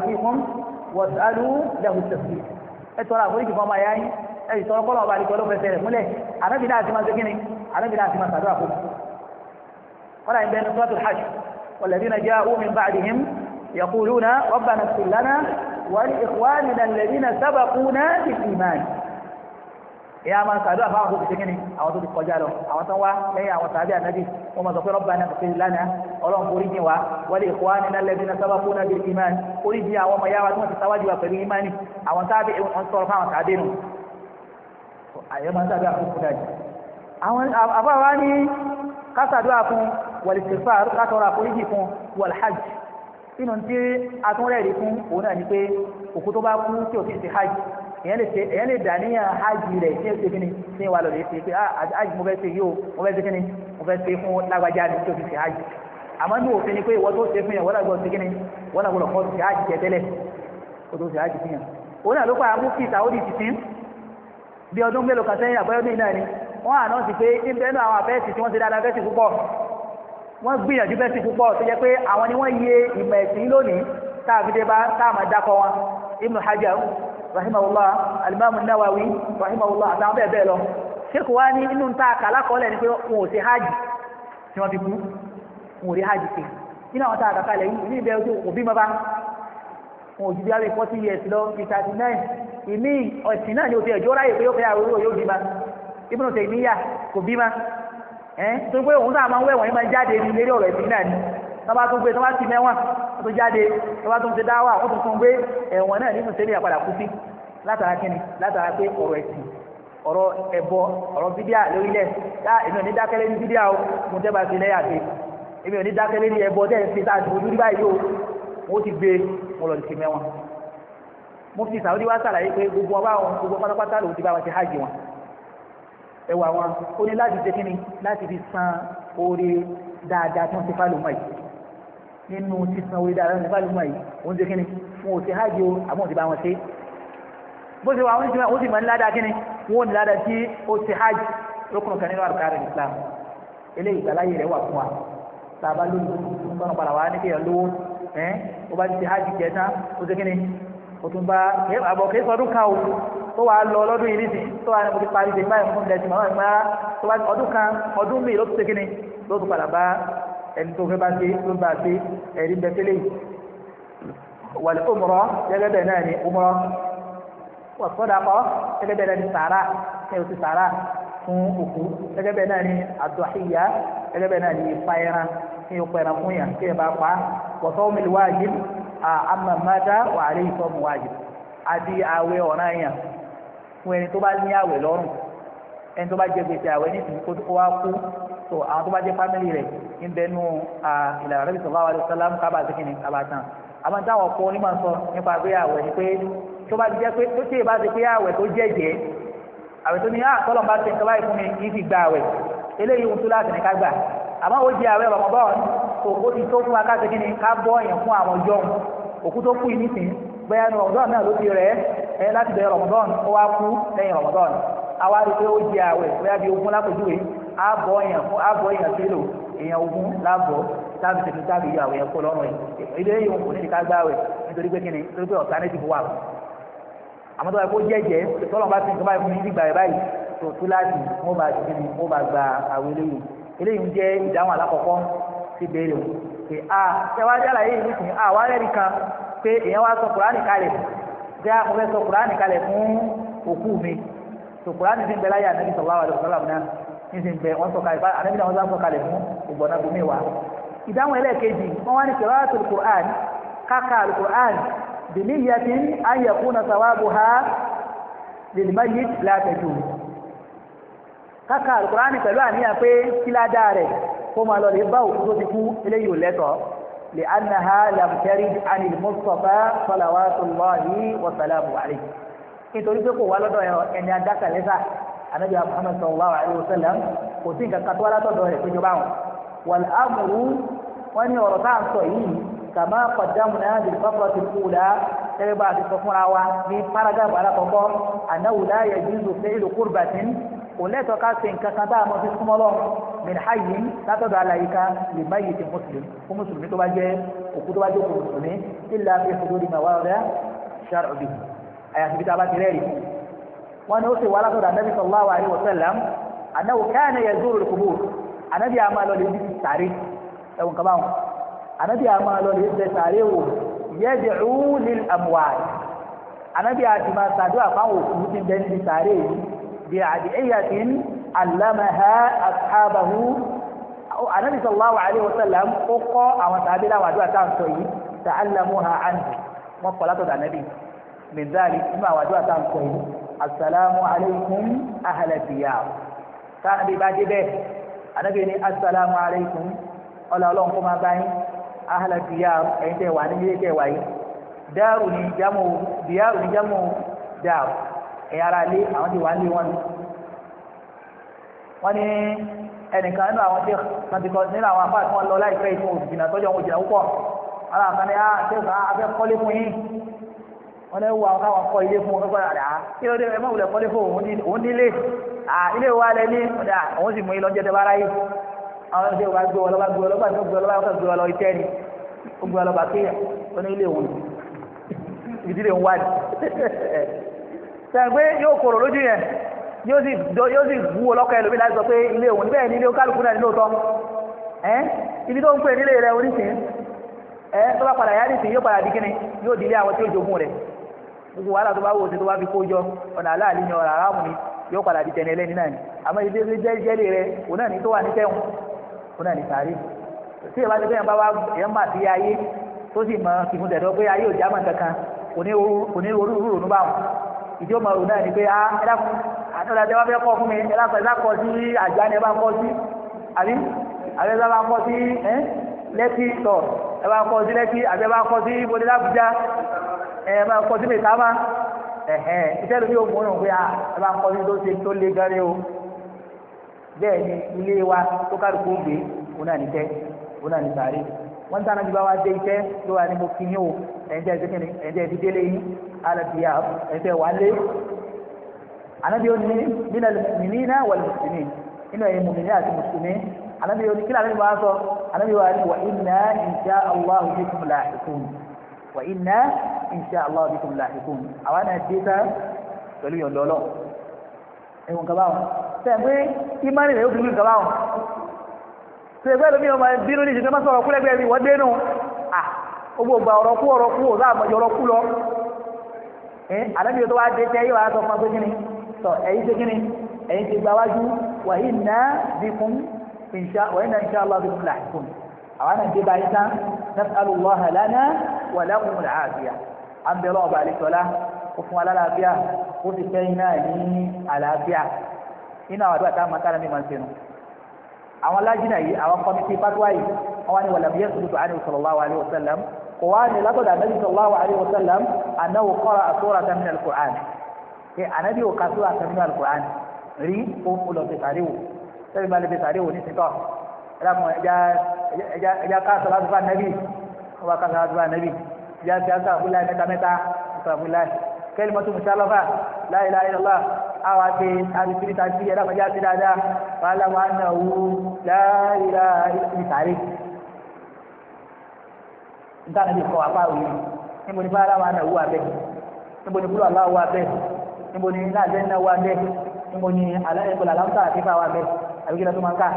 wọ́n ní wọ̀sálù lẹ́hùn tẹ̀sí ẹ tọrọ àforíjì fún ọmọ ayáyín ẹ tọrọ kọ́lọ̀ ọba àdìgbò ló fẹsẹ̀ rẹ̀ múlẹ̀ ànábì náà ti máa ṣe kí ni ànábì náà ti máa ṣàdúrà fún kọ́lá ìbẹ́ ní sọ́tù hajj والذين جاءوا من بعدهم يقولون ربنا اغفر لنا ولإخواننا الذين سبقونا بالإيمان ìyá máa ń sàdúrà fáwọn tó ti ṣe kíni àwọn tó ti kọjá lọ àwọn tán wá lẹ́yìn àwọn tàbí ànábì wọn máa sọ pé rọba náà fi lánàá Ọlọ́run forí jìn wá wọlé ìkọ wa nínú ẹlẹbi náà sábà fún nàbí ìmáàni forí jìn àwọn ọmọ yàrá tí wọn ti sáwájú wa pẹ̀lú ìmáàni àwọn tàbí wọn sọ̀rọ̀ fáwọn tàbí nù. àyè máa ń sàdúrà fún fúdàjì. àwọn àbáwá ní kásàdúrà fún wàlìsífàr kásọ̀rọ̀ àforíjì fún wàlhajj nínú tí atúnrẹ́rì fún òun náà ni pé òkú tó bá kú tí èyàn lè dàníyàn hajj rẹ̀ tí ó ṣe kí ni tí wà lọ́dọ̀ ṣe pé ah, hajj mo fẹ́ ṣe yóò mo fẹ́ ṣe kí ni mo fẹ́ ṣe fún lágbájá ni tó fi ṣe hajj àmọ́ ní òfin ni pé ìwọ tó ṣe fún yàn wọ́n làgbọ́ ṣe kí ni wọ́n làgbọ́ lọ́kọ́ ṣe hajj jẹ tẹ́lẹ̀ kó tó ṣe hajj fún yàn òun náà ló pa amú kí sàwọ́dì ti sín bí ọdún mélòó kan sẹ́yìn àbáyọ́dún yìí náà ni wọ́n àná sí pé níbẹ̀ náà àwọn abẹ́ẹ̀sì tí wọ́n ṣe dáadáa fẹ́sì púpọ̀ wọ́n gbìyànjú fẹ́sì púpọ̀ tó jẹ́ pé àwọn ni wọ́n yẹ ìmọ̀ ẹ̀sìn lónìí rahimahullah alimami nawawi rahimahullah àtàwọn bẹ́ẹ̀ bẹ́ẹ̀ lọ ṣéèkù wa ní inú ta àkàlà kọ́lẹ̀ ni pé wọn ò ṣe hajj tí wọ́n fi kú wọn ò rí hajj pé nínú àwọn ta àkàkà lẹ̀ yìí ní ìbẹ̀rù tó òbí mọ́ bá wọn ò ju bí i forty years lọ bíi thirty nine ìmí ọ̀sìn náà ni òfin ẹ̀jọ́ ráyè pé ó fẹ́ àwòrán yóò bí ma tẹ̀ ìníyà kò bí ẹ̀ tó pé òun náà máa ń wẹ̀wọ̀n yìí máa jáde ní ọ̀rọ̀ ìbí tọ́ba tó gbé tọ́ba ti mẹ́wọ̀n tó jáde tọ́ba tó ń ṣe dáwà ó tó tún gbé ẹ̀wọ̀n náà nínú sẹ́lẹ̀ àpàdà kú sí látara kíni látara pé ọ̀rọ̀ ẹ̀sìn ọ̀rọ̀ ẹ̀bọ ọ̀rọ̀ bídíà lórílẹ̀ tá èmi ò ní dákẹ́lẹ́ ní bídíà o mo tẹ́ bá ti lẹ́yà pé èmi ò ní dákẹ́lẹ́ ní ẹ̀bọ tẹ́ ẹ̀ fi tá a ti fojú rí báyìí o mo ti gbé mo lọ ti mẹ́wọ̀n mufti saudi wa sàlàyé pé gbogbo ọba àwọn gbogbo pátápátá lòun ti bá wa ti hajj wọn ẹwà wọn ó ní láti ṣe kíni láti fi san oore dáadáa tí wọn ti fà lómọ yìí nínú sísan orí dáadáa ní fálùmọ́ yìí òun ṣe kíni wọn ò ṣe hajj o àmọ́ ti bá wọn ṣe bó ṣe wà wọ́n ti wọ́n ti mọ̀ ní kíni wọn ní ládàá tí ó hajj lókùnrin kan nínú àrùkárẹ̀ Islam eléyìí ìgbàláyè rẹ̀ wà fún wa tá a bá lóyún tó ń bá wọn padà wá ní kéèyàn lówó ẹ́ ó bá ti ṣe hajj jẹ tán ó ṣe kíni ó tún bá àbọ̀ kí sọdún kan o tó wàá lọ lọ́dún yìí nísìnyí tó wàá mo ti parí ṣe báyìí fún mi màmá mi ah, tó bá ọdún kan ọdún mi ló tún ṣe kíni ló tún padà bá ẹni tó fẹ́ bá ṣe ló bá ṣe ẹ̀rí bẹ tẹ́lẹ̀ wal umra gẹ́gẹ́ bẹ́ẹ̀ náà ni umra wa sadaqa gẹ́gẹ́ bẹ́ẹ̀ náà ni sàárà ẹ̀ ò ti sàárà fún òkú gẹ́gẹ́ bẹ́ẹ̀ náà ni àdùhìyà gẹ́gẹ́ bẹ́ẹ̀ náà ni ìfàyẹ̀rà ní ọkọ̀ ẹ̀ràn fún yàn kí ẹ bá pa wa sawmil wajib àmà wà á lè sọ mu wajib àti àwẹ̀ ọ̀ràn yàn fún ẹni tó bá ní àwẹ̀ lọ́rùn ẹni tó bá jẹ gbèsè àwẹ̀ nítorí kó wá kú so àwọn tó bá jẹ́ fámìlì rẹ̀ ń bẹnu ìlànà rẹ̀ sọ̀rọ̀ àwọn alẹ́sọ̀lá ń kábàá síkìnì àbàtàn àmọ́ táwọn ọkọ onímọ̀ sọ nípa pé àwẹ̀ ni pé tó bá jẹ́ pé tó tí ì bá ti pé àwẹ̀ tó jẹ́jẹ́ àwẹ̀ tó ní á ah, tọ́lọ̀ bá ti nǹkan báyìí fún mi kì í fi gba àwẹ̀ eléyìí ohun tó láti ní ká gbà àmọ́ ó jẹ àwẹ̀ Ramadan tó ó ti tó fún akáṣe kí ni ká bọ́ èèyàn fún àwọn ọjọ́ òkú tó kú ìnísìn bẹ́ẹ̀ ni Ramadan náà ló ti rẹ̀ ẹ́ láti bẹ̀rẹ̀ Ramadan ó wá kú lẹ́yìn Ramadan àwa rí pé ó jẹ àwẹ̀ bóyá bí ogún lápòjúwe àbọ̀ èèyàn fún àbọ̀ èèyàn sílò èèyàn ogun lábọ̀ tábì tètè tábì yọ àwọn èèyàn kó lọ́rùn ẹ̀ ilé yìí kò ní ní ká gbá rẹ̀ nítorí pé kíni nítorí pé ọ̀sán ti wà àmọ́ tó bá yẹ kó jẹ́jẹ́ tọ́lọ́ bá ti nǹkan báyìí fún mi nígbà rẹ̀ báyìí tó tú láti mo bá ti kíni mo bá gba àwọn eléyìí eléyìí ń jẹ́ ìdáhùn alákọ̀ọ́kọ́ sí béèrè o pé a ṣẹwàá jẹ́ àlàyé yìí nìkan a wà lẹ́rìí kan pé èèyàn wá sọ kùránì kalẹ̀ bí a mo fẹ́ sọ kùránì kalẹ̀ fún òkú mi tó kùránì ti ń bẹ láyé ànábì níbi ń bẹ wọ́n sọ kalẹ̀ fún àdébí náà wọ́n sọ kalẹ̀ fún ìgbọ̀nà gbomi wa. ìdáhùn ẹlẹ́ẹ̀kejì wọ́n wá ní kìláàtù alukur'an káka alukur'an bìlí yẹtí ayẹ̀kú na sàwábù ha lèlìmáyé látẹ̀jú. káka alukur'an pẹ̀lú àníyàn pé kíládà rẹ̀ kó máa lọ lè bá òkú tó ti kú eléyìí ò lẹ́tọ̀ọ́ لأنها لم ترد عن المصطفى صلوات الله وسلامه عليه nítorí pé kò wá lọ́dọ̀ ẹni adákàlẹ́sà anabi muhammad sallallahu alayhi wa sallam kò sí nǹkan kan tó wá látọ̀dọ̀ rẹ̀ péjọba wọn wal amru wọn ní ọ̀rọ̀ táà ń sọ yìí kàmá qaddamna bil fatrati al-ula gẹ́gẹ́ bá a ti sọ fúnra wa ní paragraph alákọ̀ọ́kọ́ annahu la yajuzu fi'lu qurbatin kò lẹ́tọ̀ọ́ ká ṣe nǹkan kan tá a mọ̀ fi súnmọ́ lọ́wọ́ min hayyin látọ̀dọ̀ alayi kan lè má yìí ti mùsùlùmí fún mùsùlùmí tó bá jẹ́ òkú illa fi hududi ma wà rẹ̀ ṣàròbì àyàfi bí tá wọ́n ní ó sì wá látọ̀dọ̀ anabi sallallahu alayhi wa sallam anahu kana yazuru al-qubur anabi a máa lọ lè bíi sàárè ẹ̀wọ̀n kaba wọn anabi a máa lọ lè bẹ sàárè wò yad'u lil amwat anabi a ti máa sàdúrà fáwọn òkú ti bẹ níbi sàárè yìí bí adiyatin allamaha ashabahu anabi sallallahu alayhi wa sallam ó kọ́ àwọn sàábí láwọn àdúrà táwọn ta'allamuha anhu wọn kọ́ látọ̀dọ̀ min dhalik nínú àwọn àdúrà táwọn sọ asalaamu aleykum ahaladiya káàbí bá dé bẹ́ẹ̀ anabi ní asalaamu aleykum ọlọ́ ọlọ́run kó máa bá yín ahaladiya ẹ̀yin tẹ̀ wá níbi tẹ̀ wá yìí dáàrú ni jámù díàrú ni jámù dáàrú ẹ̀yin ara lé àwọn ti wà ń lé wọn lù wọ́n ní ẹnìkan nínú àwọn jẹ́ kàntìkọ nínú àwọn afá tí wọ́n lọ láìpẹ́ ìfún òjìnà tọ́jú àwọn òjìnà púpọ̀ ara kan ní á ah, tẹ́sán afẹ́ kọ́lé fún yín wọn lè wà káwọn kọ́ ilé fún ọkọ̀ rà kí ló dé ẹ mọ̀wulẹ̀ kọ́lé fún òun nílé ilé wa lẹ ní ọ̀dà òun sì mú ilé ọjọ́ tẹ́bára yìí àwọn ọ̀dọ́ wa gbé ọlọ́ba gbé ọlọ́ba tó gbé ọlọ́ba gbé ọlọ́ ìtẹ́ ni ó gbé ọlọ́ba pé ó ní ilé òun ìdílé òun wà ní. sàgbé yóò kòrò lójú yẹn yóò sì yóò sì wú ọlọ́kọ̀ ẹlòmíì láti sọ pé ilé òun bẹ́ẹ̀ ni ilé kálukú náà nílò tán ẹ́ ibi tó ń pè nílé rẹ oníṣìí ẹ́ tó bá padà yá nísìnyí yóò padà di kíni yóò di ilé àwọn tí ó jogún rẹ̀ gbogbo wàhálà tó bá wò sí tó bá fi kó jọ ọ̀nà aláàlí ni ọ̀rọ̀ aráàmù ni yóò padà di tẹ̀lé ẹlẹ́ni náà ni àmọ́ ilé ilé jẹ́jẹ́lé rẹ òun náà ní tó wà ní tẹ̀wọ̀n òun náà ní sàárè tí ìyẹn bá ti bẹ́ẹ̀ bá wá èèyàn mà sí ayé tó sì mọ kìkun tẹ̀dọ́ pé ayé òjá mọ̀ kankan òní orú ronú bá wọn ìdí ó mọ òun náà ni pé á ah, ẹ̀dàkùn àtọ́lẹ́dẹ́ wá fẹ́ kọ́ fún mi ẹ̀dàkọ̀ ẹ ẹ bá kọ síbi ìtàbá ẹ̀hẹ́n iṣẹ́ lómi ò múnú pé ẹ bá kọ síbi tó ṣe tó le gan ni o bẹ́ẹ̀ ni ilé wa tó kárí kó gbé òun náà níṣẹ́ òun náà níṣàárẹ̀ wọ́n ń tàn náà ju bá wá dé iṣẹ́ ló wà ní mo fi yín o ẹ̀jẹ̀ ìdíkìnnì ẹ̀jẹ̀ ìdíkìnnì yín alàbíyá ẹ̀jẹ̀ wà lé anabi yóò ní nínú mímínà wà lùsùmí nínú ẹ̀yìn mùmínà àti mùsùlùmí anabi yóò ní kí wa inna insha Allah bikum lahiqun àwa náà dé sá pẹ̀lú yọ̀ǹdọ̀ ọlọ́ ẹ̀wọ̀n kaba wọn sẹ́yìn pé ìmánì rẹ̀ ó fi wí kaba wọn sẹ́yìn pé ẹlòmíràn máa bínú ní ìṣẹ̀lẹ̀ máa sọ̀rọ̀ kúlẹ̀gbẹ́ mi wọ́n dénú à gbogbo gba ọ̀rọ̀ kú ọ̀rọ̀ kú ò sáà mọ̀jọ ọ̀rọ̀ kú lọ ẹ̀ àdàbí yóò tó wá dé tẹ́ yóò wá sọ fún agbé kíni sọ ẹ̀yin ṣe kíni ẹ̀yin ti gba wájú wa inna bikum insha wa inna insha Allah bikum lahiqun àwọn náà dé nas'alullaha lana wàlá mú un àbíyá à ń bẹ̀rẹ̀ ọba àlejòlá kó fún alálàáfíà kó sì fẹ́ iná ní àlàáfíà nínú àwọn àdúrà táwọn mọ̀tàrà mi máa ń sẹ́nu. àwọn alájìnà yìí àwọn kọ́mítì fatuwa yìí wọ́n wá ní wàlá bíyẹn tuntun àni sallallahu alaihi wasallam kò wá ní látọ̀dọ̀ ànábì sallallahu alaihi wasallam annahu qara'a suratan min al-Qur'an pé ànábì ò ka suratan min al rí fún ànábì wọ́n bá kásá àdúrà nàbì ìyá sí àṣà àbúlá mẹ́ta mẹ́ta àṣà àbúlá kalimatu musalafa la ilaha illallah àwa ṣe àbísírí ta sí ẹlẹ́kọ̀ọ́jà sí dáadáa wàhálà wà nà wú láìlà ìsàrí. níta nàbì kọ́ apá òye níbo ni fàhálà wà nà wú abẹ́ níbo ni kúrò aláwọ̀ abẹ́ níbo ni láàjẹ́ náà wà abẹ́ níbo ni alẹ́kọ̀ọ́ làlámùsà àti fà wà abẹ́ àbíkí lọ́tún máa ń ká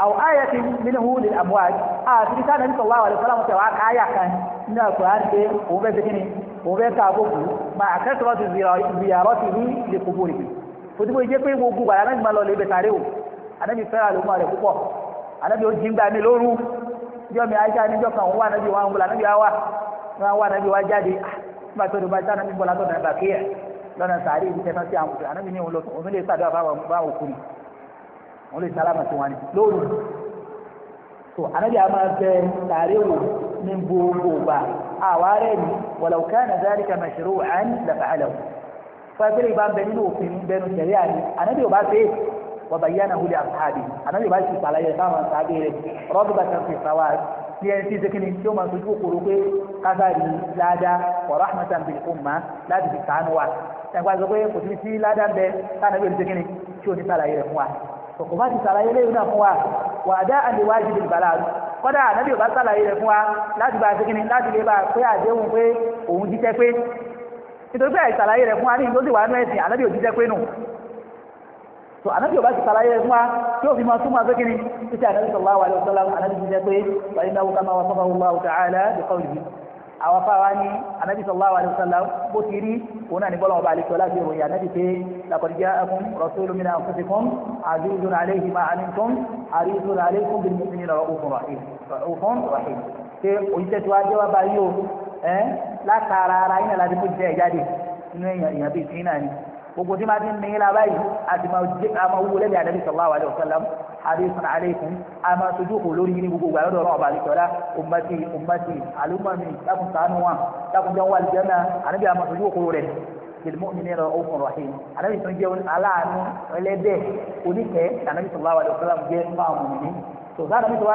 أو آية منه للأموات آه في كان النبي صلى الله عليه وسلم سواء آية كان من القرآن في وبيتكني وبيتابوه مع كثرة زيارته لقبوره fòtúbò ìjẹ́ pé gbogbo àyà náà máa lọ lè bẹ̀tàrí o anábì fẹ́ràn ló mọ̀ rẹ̀ púpọ̀ anábì ó jí ń gbà mí lóru ìjọ mi àyíká níjọ kan òun wà anábì wa ń bọ̀ anábì wa wà wọn wà anábì wa jáde nígbà tó dùn bá tá anábì bọ̀ látọ̀ náà bàkẹ́yà lọ́nà sàárè ìdíjẹ́ náà sí àwọn òkè anábì ní òun lọ òun lè sàdúrà fáwọn òkú ni wọn lè sálámà sí wọn ni lóru so anabi ama bẹ tààrẹ wò ní gbogbo gbà àwa rẹ ni walau kana dhalika mashru'an la fa'alahu fẹ́ẹ́fẹ́rẹ́ ìbá bẹ nínú òfin bẹnu tẹ̀lé àní anabi ò bá fẹ́ wa bayyanahu li ashabi anabi ò bá sì sàlàyé sáwọn sábẹ rẹ rọ́bìbàtà fi sàwáà ní ẹni tí ń sekí tí ó máa sojú kòrò pé kásárì ládá wa rahmatan bil umma láti fi sànú wa ẹgbẹ́ àti pé kò sí sí ládá ń kòkò bá ti sàlàyé lẹ́yìn náà fún wa wàdá àti wájú ti bàlá kọ́dà ànábì ò bá sàlàyé rẹ̀ fún wa láti bá a ṣe kíni láti lè bá a pé àdéhùn pé òun jíṣẹ́ pé nítorí pé àìsàlàyé rẹ̀ fún wa ní ìlú sì wà nú ẹ̀sìn ànábì ò jíṣẹ́ pé nù so anabi ọba ti sàlàyé fún wa tí ó máa súnmọ́ sókè ní títí anabi sallallahu alaihi wasallam anabi ti jẹ́ pé wà ní náwó kama wà sọ́fà wọ́n wà ta'ala bi qawlihi àwọn fáwa ní anabi sallallahu alayhi wa sallam bó ti rí òun náà ní bọ́lá ọba àlejò láti ìròyìn anabi pé laqad ja'akum rasulun min anfusikum azizun alayhi ma anittum harisun alaykum bil mu'minina ra'ufun rahim ra'ufun rahim pé òyìnbó tí wàá jẹ́ wàá bá o ẹ́ látara ara yín náà láti fún ìjẹ́ ìjáde inú èèyàn bíi tí náà ni gbogbo tí máa ti ń ní ilá báyìí àti máa jẹ́ àmọ́ owó lẹ́bi àdàbí sallallahu alaihi wasallam àdéhùn àlékún àmọ́ sojú kò lórí ní gbogbo ìgbà lọ́dọ̀ ọlọ́ọ̀bà àlejòlá ummati ummati àlùmọ́mì dákun ṣàánú wọn dákun jẹun wà lìjẹ́ náà àdàbí àmọ́ sojú kò rẹ̀ bilmu'minina ra'ufun rahim àdàbí tó ń jẹ́ aláàánú ẹlẹ́dẹ̀ oníkẹ́ àdàbí sallallahu alaihi wasallam jẹ́ fáwọn mùmìnì tòzánà mi tó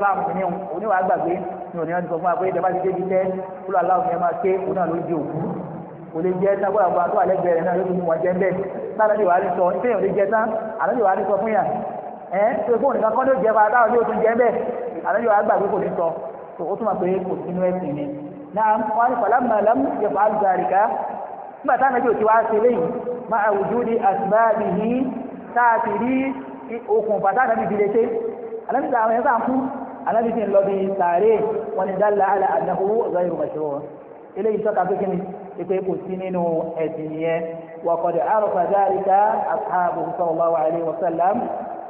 fáwọn mùmìnì oníwàá gbàgbé ní òní sọ fún wa pé kò lè jẹ tán bọ́lá tó àlẹ́gbẹ̀ẹ́ rẹ̀ náà ló fi wọ́n jẹ bẹ́ẹ̀ náà lọ́dẹ̀ wàá rí sọ ṣé èèyàn lè jẹ tán àlọ́dẹ̀ wàá rí sọ fún yà ẹ́ tó fóònù nìkan kọ́ ló jẹ fara táwọn yóò tún jẹ bẹ́ẹ̀ àlọ́dẹ̀ wàá gbà pé kò ní sọ tó ó túmọ̀ pé kò sínú ẹ̀sìn ni. náà wọn ní fàlámù àlámù yẹ̀fọ́ àlùzàríkà nígbà táwọn ẹgbẹ́ òtí wàá ṣe léyìn máa wùjú ní yìí táàtì pé kí ni ipe kò sí nínú ẹ̀sìn yẹn wàkọ̀dẹ̀ àròfà dáríta àbúrò sallallahu alaihi wasallam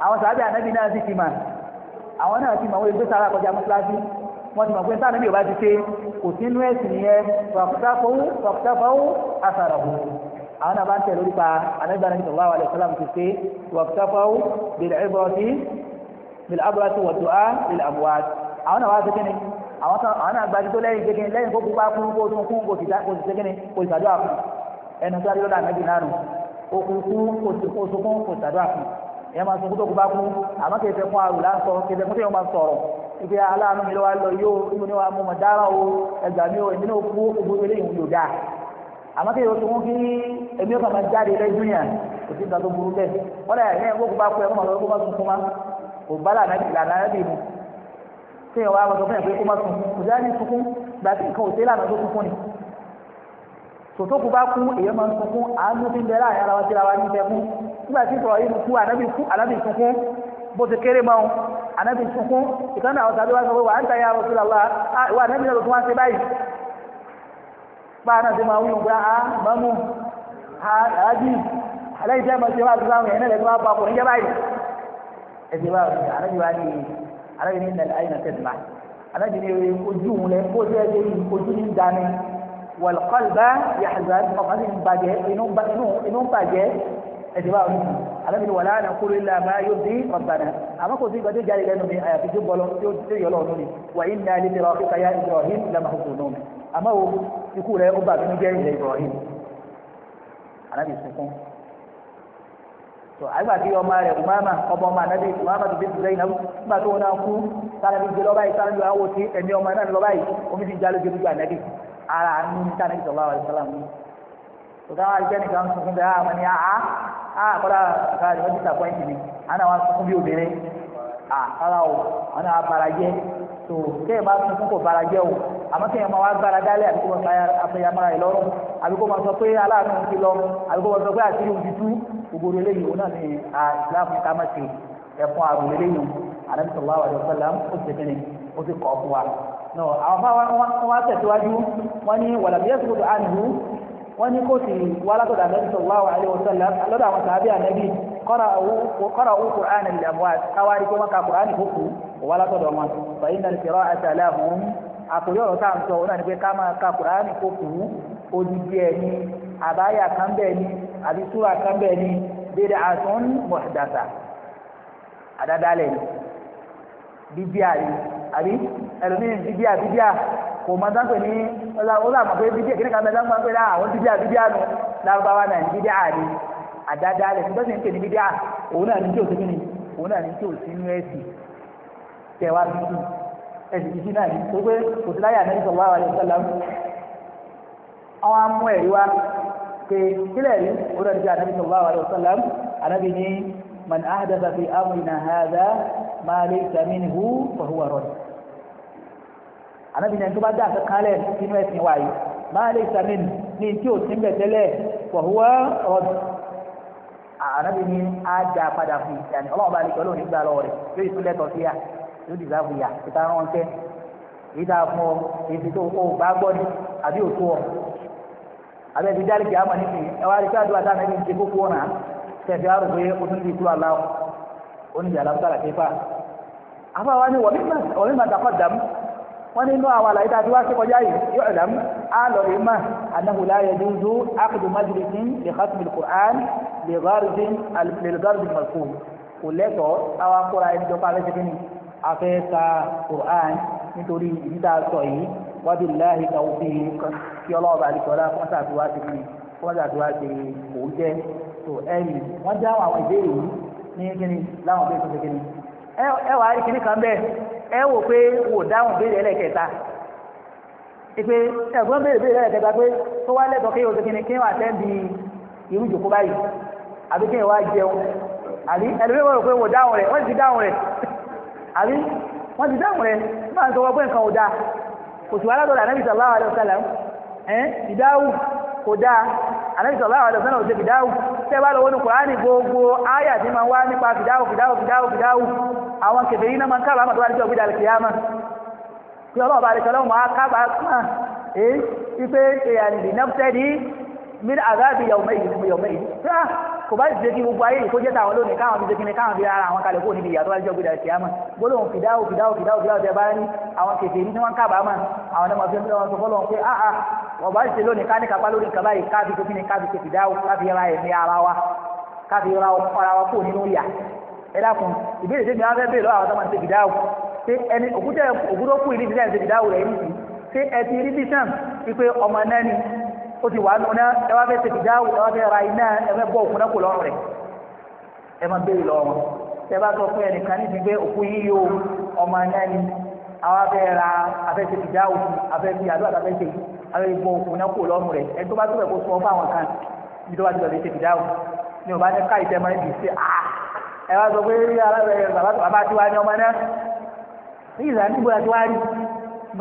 àwọn sàábẹ̀ ànábì náà sì ti mà àwọn náà ti mà wọ́n lè gbé sára kọjá mọ́sálásí wọ́n ti mọ̀ pé sáà níbi ò ti ṣe kò sínú ẹ̀sìn yẹn wàkùtàfọ́wù àfàràhù àwọn náà bá ń tẹ̀lé nípa ànábì náà sallallahu alaihi wasallam ti ṣe wàkùtàfọ́wù bìlẹ̀ àbúrò ti wọ̀dùá bìlẹ̀ àbúrò àwọn náà wá àwọn náà gbajú tó lẹ́yìn kékeré lẹ́yìn kó pupa kún kó tún kún kò sì kékeré kò sì sàdúrà fún ẹnu tó adúlọ́dà méjì náà nù ó kún kún kò sì kó sunkún kò sì sàdúrà fún ẹ máa sunkún tó pupa kún àmọ́ kì í fẹ́ fún àrùn láǹsọ kì í fẹ́ fún tí wọ́n máa sọ̀rọ̀ ibi aláàánú mi lọ́wọ́ lọ yóò inú ni wàá mú mọ̀ dára o ẹgbà mi o èmi náà kú gbogbo eléyìí yóò dáa àmọ́ kí yóò tún kí èmi yóò kàn jáde lẹ́jú yàn kò sí ìgbà tó burú bẹ́ẹ̀ wọ́n dà kó pupa kún ẹ kó máa sunkún má kò bá lànà ṣé ìwà àwọn ọ̀dọ́fẹ́ pé kó má sùn kò sí láti sunkún gbà tí nǹkan ò sí lànà tó sunkún ni tòtókù bá kú èèyàn máa ń sunkún àánú fi ń bẹ láàrin ara wa síra wa ní ìfẹ́ fún nígbà tí sọ̀rọ̀ yìí kú ànábì kú ànábì sunkún bó ti kéré mọ́ ànábì sunkún ìkànnì àwọn tàbí wá sọ pé wà á ń ta ya Rasulullah ah, ìwà ànábì náà ló tún wá ṣe báyìí a náà ti máa wí ògbà á ah, mọ́mú àájì aláìsí àmọ́ ṣe wá àtúntò àwọn èèyàn náà lẹ́nu wá bá ọkùnrin jẹ́ báyìí ẹ ti bá ọ̀rẹ́ ànábì wá alábi ní nàlẹ́ àyìnà tẹ̀síma alábi ní ojú òun lẹ kó jẹ́ ẹgbẹ́ yìí ojú ní dání wàlúkọ́lùbá yàtọ̀ ọkàn sì ń bàjẹ́ inú bàjẹ́ ẹ̀sìn báwọn nìyí alábi ní wàlá àná kúrò ilé àmà yóò di ọ̀bànà àmọ́ kò sí ìgbà tó jáde lẹ́nu mi àyàfi tó bọ́ lọ tó yọ lọ́ọ̀nù ni wà yín ni si n baje inu baje esin bawon niyi lè tẹ̀rọ kíkà yá Ibrahim lamahukun nù àmọ́ ikú rẹ̀ ó bàbí mi jẹ́ ilẹ̀ Ibrahim ni sunkún tó àgbà tí ọmọ rẹ̀ umama ọmọ ọmọ anabi umama tó fi ti sẹ́yìn náà nígbà tó wọn náà kú sanabi gbé lọ́ba yìí sanabi awo ti ẹ̀mí ọmọ náà lọ́ba yìí omi ti jalo gbé gbogbo anabi ara àánú ní sanabi sọ̀rọ̀ àwọn ìsọ̀rọ̀ mi. tó káwọn àjẹ́ nìkan tuntun bẹ́ẹ̀ àwọn ni àá àá kọ́lá káàdì wọ́n ti sàpọ́ìntì mi àná wọn sọ fún bí obìnrin àkàrà ah, o àná abarajẹ́ tó kéèyàn bá tuntun kò barajẹ́ o àmọ́ kí ẹ̀yàn máa wá gbára dálé àbí kó máa sáyà àfẹyàmára ẹ̀ lọ́rùn àbí kó máa sọ pé aláàánú ti lọ àbí kó máa sọ pé àṣírí òun ti tú gbogbo eléyìí òun náà ní ìsìláàmù ká má ṣe ẹ̀fọn àrùn eléyìí àdàbí sọ̀rọ̀ àwọn àdàbí sọ̀rọ̀ ó ti tẹ̀lé ó ti kọ̀ fún wa. àwọn máa wá tẹ̀síwájú wọ́n ní wàlàbíyẹ́ sọ̀rọ̀ àdùn wọ́n ní kó sì wá látọ̀dọ̀ àdàbí sọ̀rọ̀ àwọn àdàbí sọ̀rọ̀ lọ́dọ̀ àwọn sàbí àdàbí قرأوا قرآن الأموات أواركم كقرآن فقه ولا تدعمون فإن القراءة لهم àkòrí ọ̀rọ̀ tá à ń sọ òun náà ni pé ká máa ka kùránì kó kù ú odidi ẹ̀ ni àbáyà kan bẹ́ẹ̀ ni àbí súra kan bẹ́ẹ̀ ni dédé àtún mọ̀dàtà àdádálẹ̀ ni bíbíà yìí àbí ẹlòmíràn bíbíà bíbíà kò mọ sáńpẹ ní ọlọ́run àmọ́ pé bíbíà kí ni ká mọ sáńpẹ pé láà àwọn bíbíà bíbíà nù lárúbáwá náà ní bíbíà ni àdádálẹ̀ nígbà tí ń pè ní bíbíà òun náà ní tí ò òun náà ní tí ò ẹ̀sìn tẹ̀wá tuntun ẹ̀sìn kìí náà ní tó pé kò sí láyà nẹ́bí sọ̀rọ̀ àwọn ẹ̀sìn lọ́wọ́ àwọn amú ẹ̀rí wa pé kílẹ̀ rí ó dàbí ànábì sọ̀rọ̀ àwọn ẹ̀sìn lọ́wọ́ ànábì ní man ahdatha fi amrina hadha ma laysa minhu fa huwa radd ànábì ní tó bá dá àkọ́ kálẹ̀ nínú ẹ̀sìn wa yìí ma laysa minhu ní tí ò sí ń bẹ̀ fa huwa radd ànábì ní á dá padà fún ìyàní ọlọ́run bá lè pẹ̀lú òní gbà lọ́wọ́ rẹ̀ yóò ì yóò dìgbà bùyà ìta wọn tẹ ìta fún ọ èsì tó o bá gbọ́ ni àbí òtú ọ abẹ́ ti dárí kìá mọ̀ nísìn ẹ wá rí sáà dúró àtàwọn ẹni ti kókó ọ̀nà tẹ̀sí àrò pé o tún ti kúrò aláwọ̀ ó ní ìyàlá sára kéfà àbá wa ni wọ́n mímọ̀ dàkọ̀ dàm wọ́n ní inú àwọn àlàyé tàbí wá sí kọjá yìí yóò dàm á lọ rí mà annahu la yajuzu aqdu majlisin li khatmi al-Qur'an li gharzin al-gharzin marfu kò lẹ́tọ̀ọ́ àwọn akóra ẹni jọ pa abẹ́sẹ̀ afẹ́ ka Qur'an nítorí ìdíta sọ yìí wabillahi tawfiq kí ọlọ́ọ̀bà àdìsọ́lá fọ́sàtúwá ti fi fọ́sàtúwá ti kò jẹ́ tó ẹ̀yìn wọ́n já àwọn ìbéèrè yìí ní kíni láwọn bẹ́ẹ̀ tó ṣe kíni ẹ wàá rí kíní kan bẹ́ẹ̀ ẹ wò pé wò dáhùn béèrè ẹlẹ́kẹta ìpè ẹ̀gbọ́n béèrè béèrè ẹlẹ́kẹta pé tó wá lẹ́tọ̀ọ́ kéwòn tó kíni kéwòn àtẹ́ǹdì irú ìjòkó báyìí àbí kéwòn wá jẹun àbí ẹlẹ́gbẹ́ àbí wọ́n ti dáhùn rẹ̀ máa ń sọ wọ́pẹ́ nǹkan ò dáa kò sì wá látọ̀dọ̀ ànábì sallallahu alaihi wasallam ẹ̀ ìdáhù kò dáa ànábì sallallahu alaihi wasallam ò ṣe fìdáhù tẹ́ bá lọ wọnú kùránì gbogbo áyà tí máa ń wá nípa fìdáhù fìdáhù fìdáhù fìdáhù àwọn kẹfẹ́ yìí náà máa ń kábàámọ̀ tó wá níjọ́ gbídà kìyàmà kí ọlọ́ọ̀bà àlẹ́sọ̀lọ́mù á kábàámọ̀ èé ipe èèyàn lè náà min azabi yawmayi mu yawmayi ah kò bá jẹ́ kí gbogbo ayé ìkójẹ́ tàwọn lónìí káwọn fi jẹ́ kí ni káwọn fi ara àwọn kalẹ̀ kó níbi ìyàtọ̀ àjọ gbèdà ìṣẹ́yàmà gbólóhùn fìdáwò fìdáwò fìdáwò fìdáwò tẹ bá ní àwọn kèfèé ní tí wọ́n kábàámà àwọn ọmọ fi ń lọ́wọ́ sọ fọ́lọ́ pé ah ah wọ́n bá ṣe lónìí ká ní kápá lórí kaba yìí káfi tó kí ni káfi ṣe fìdáwò káfi ra ẹ̀mí ara wa káfi ra ara wa kó nínú ìyà ẹ dákun ìbéèrè tèmi wá fẹ́ bèèrè lọ́wọ́ àwọn tó máa ń ṣe fìdáwò pé ẹni òkúta òkúta kú ìdí ìdí ìdí ìdí ìdí ìdí ìdí ìdí ìdí ìdí ìdí ìdí ìdí ìdí ó ti wà nù náà ẹ wá fẹ́ ṣe fìdáwò ẹ wá fẹ́ ra iná ẹ fẹ́ bọ́ òkú náà kò lọ́rùn rẹ̀ ẹ máa béèrè lọ́wọ́ wọn tẹ bá sọ fún ẹnìkan ní ti pé òkú yíyó ọmọ náà ni àwọn afẹ́ ra afẹ́ ṣe fìdáwò afẹ́ fi àdúrà afẹ́ ṣe afẹ́ bọ́ òkú náà kò lọ́rùn rẹ̀ ẹ tó bá tó kó sọ fún àwọn kan ní tó bá ti lọ ṣe fìdáwò ni ò ní káyìí tẹ máa ń bì sí à ẹ wá sọ pé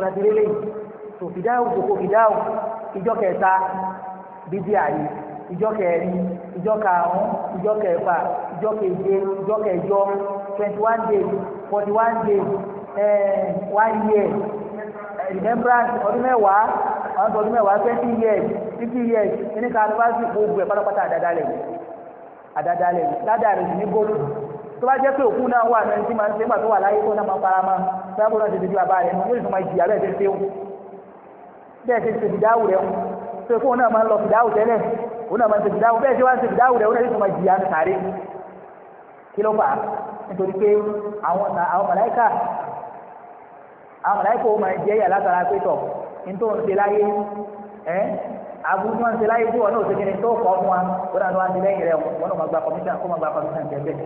bàbá tó fìdáwò gbogbo fìdáwò ìjọ kẹta bíbí àyè ìjọ kẹrin ìjọ karùnún ìjọ kẹfà ìjọ keje ìjọ kẹjọ twenty one days forty one days eh, one year eh, remembrance ọdún mẹ́wàá àwọn ọdún mẹ́wàá twenty years fifty years ẹni ká anúfàásì gbogbo ẹ̀ pátápátá àdáda lẹ̀ àdáda lẹ̀ ládàá rẹ̀ sì ní gbòòrò tó bá jẹ́ pé òkú náà wà ní ẹni tí máa ń ṣe é gbà tó wà láyé tó náà máa ń fara mọ́ sábà náà ti di bàbá rẹ̀ ní yóò sì máa jìyà bẹ́ẹ̀ tẹ́tẹ́ o bẹ́ẹ̀ ṣe ṣe fìdáwù rẹ̀ ṣe fún òun náà máa ń lọ fìdáwù tẹ́lẹ̀ òun náà máa ń ṣe fìdáwù bẹ́ẹ̀ ṣe wá ń ṣe fìdáwù rẹ̀ òun náà yóò máa jìyà ń sáré kí ló fà á nítorí pé àwọn màláìkà àwọn màláìkà òun máa jẹ́ yà látara pé tọ̀ nítorí òun ṣe láyé ẹ́ abu ni wọn ti láyé bí wọn náà ṣèkìrì tó kọ fún wa wọn náà ni wọn ti lẹ́yìn rẹ wọn náà máa gba kọmíṣán kó máa gba kọmíṣán tẹ́lẹ̀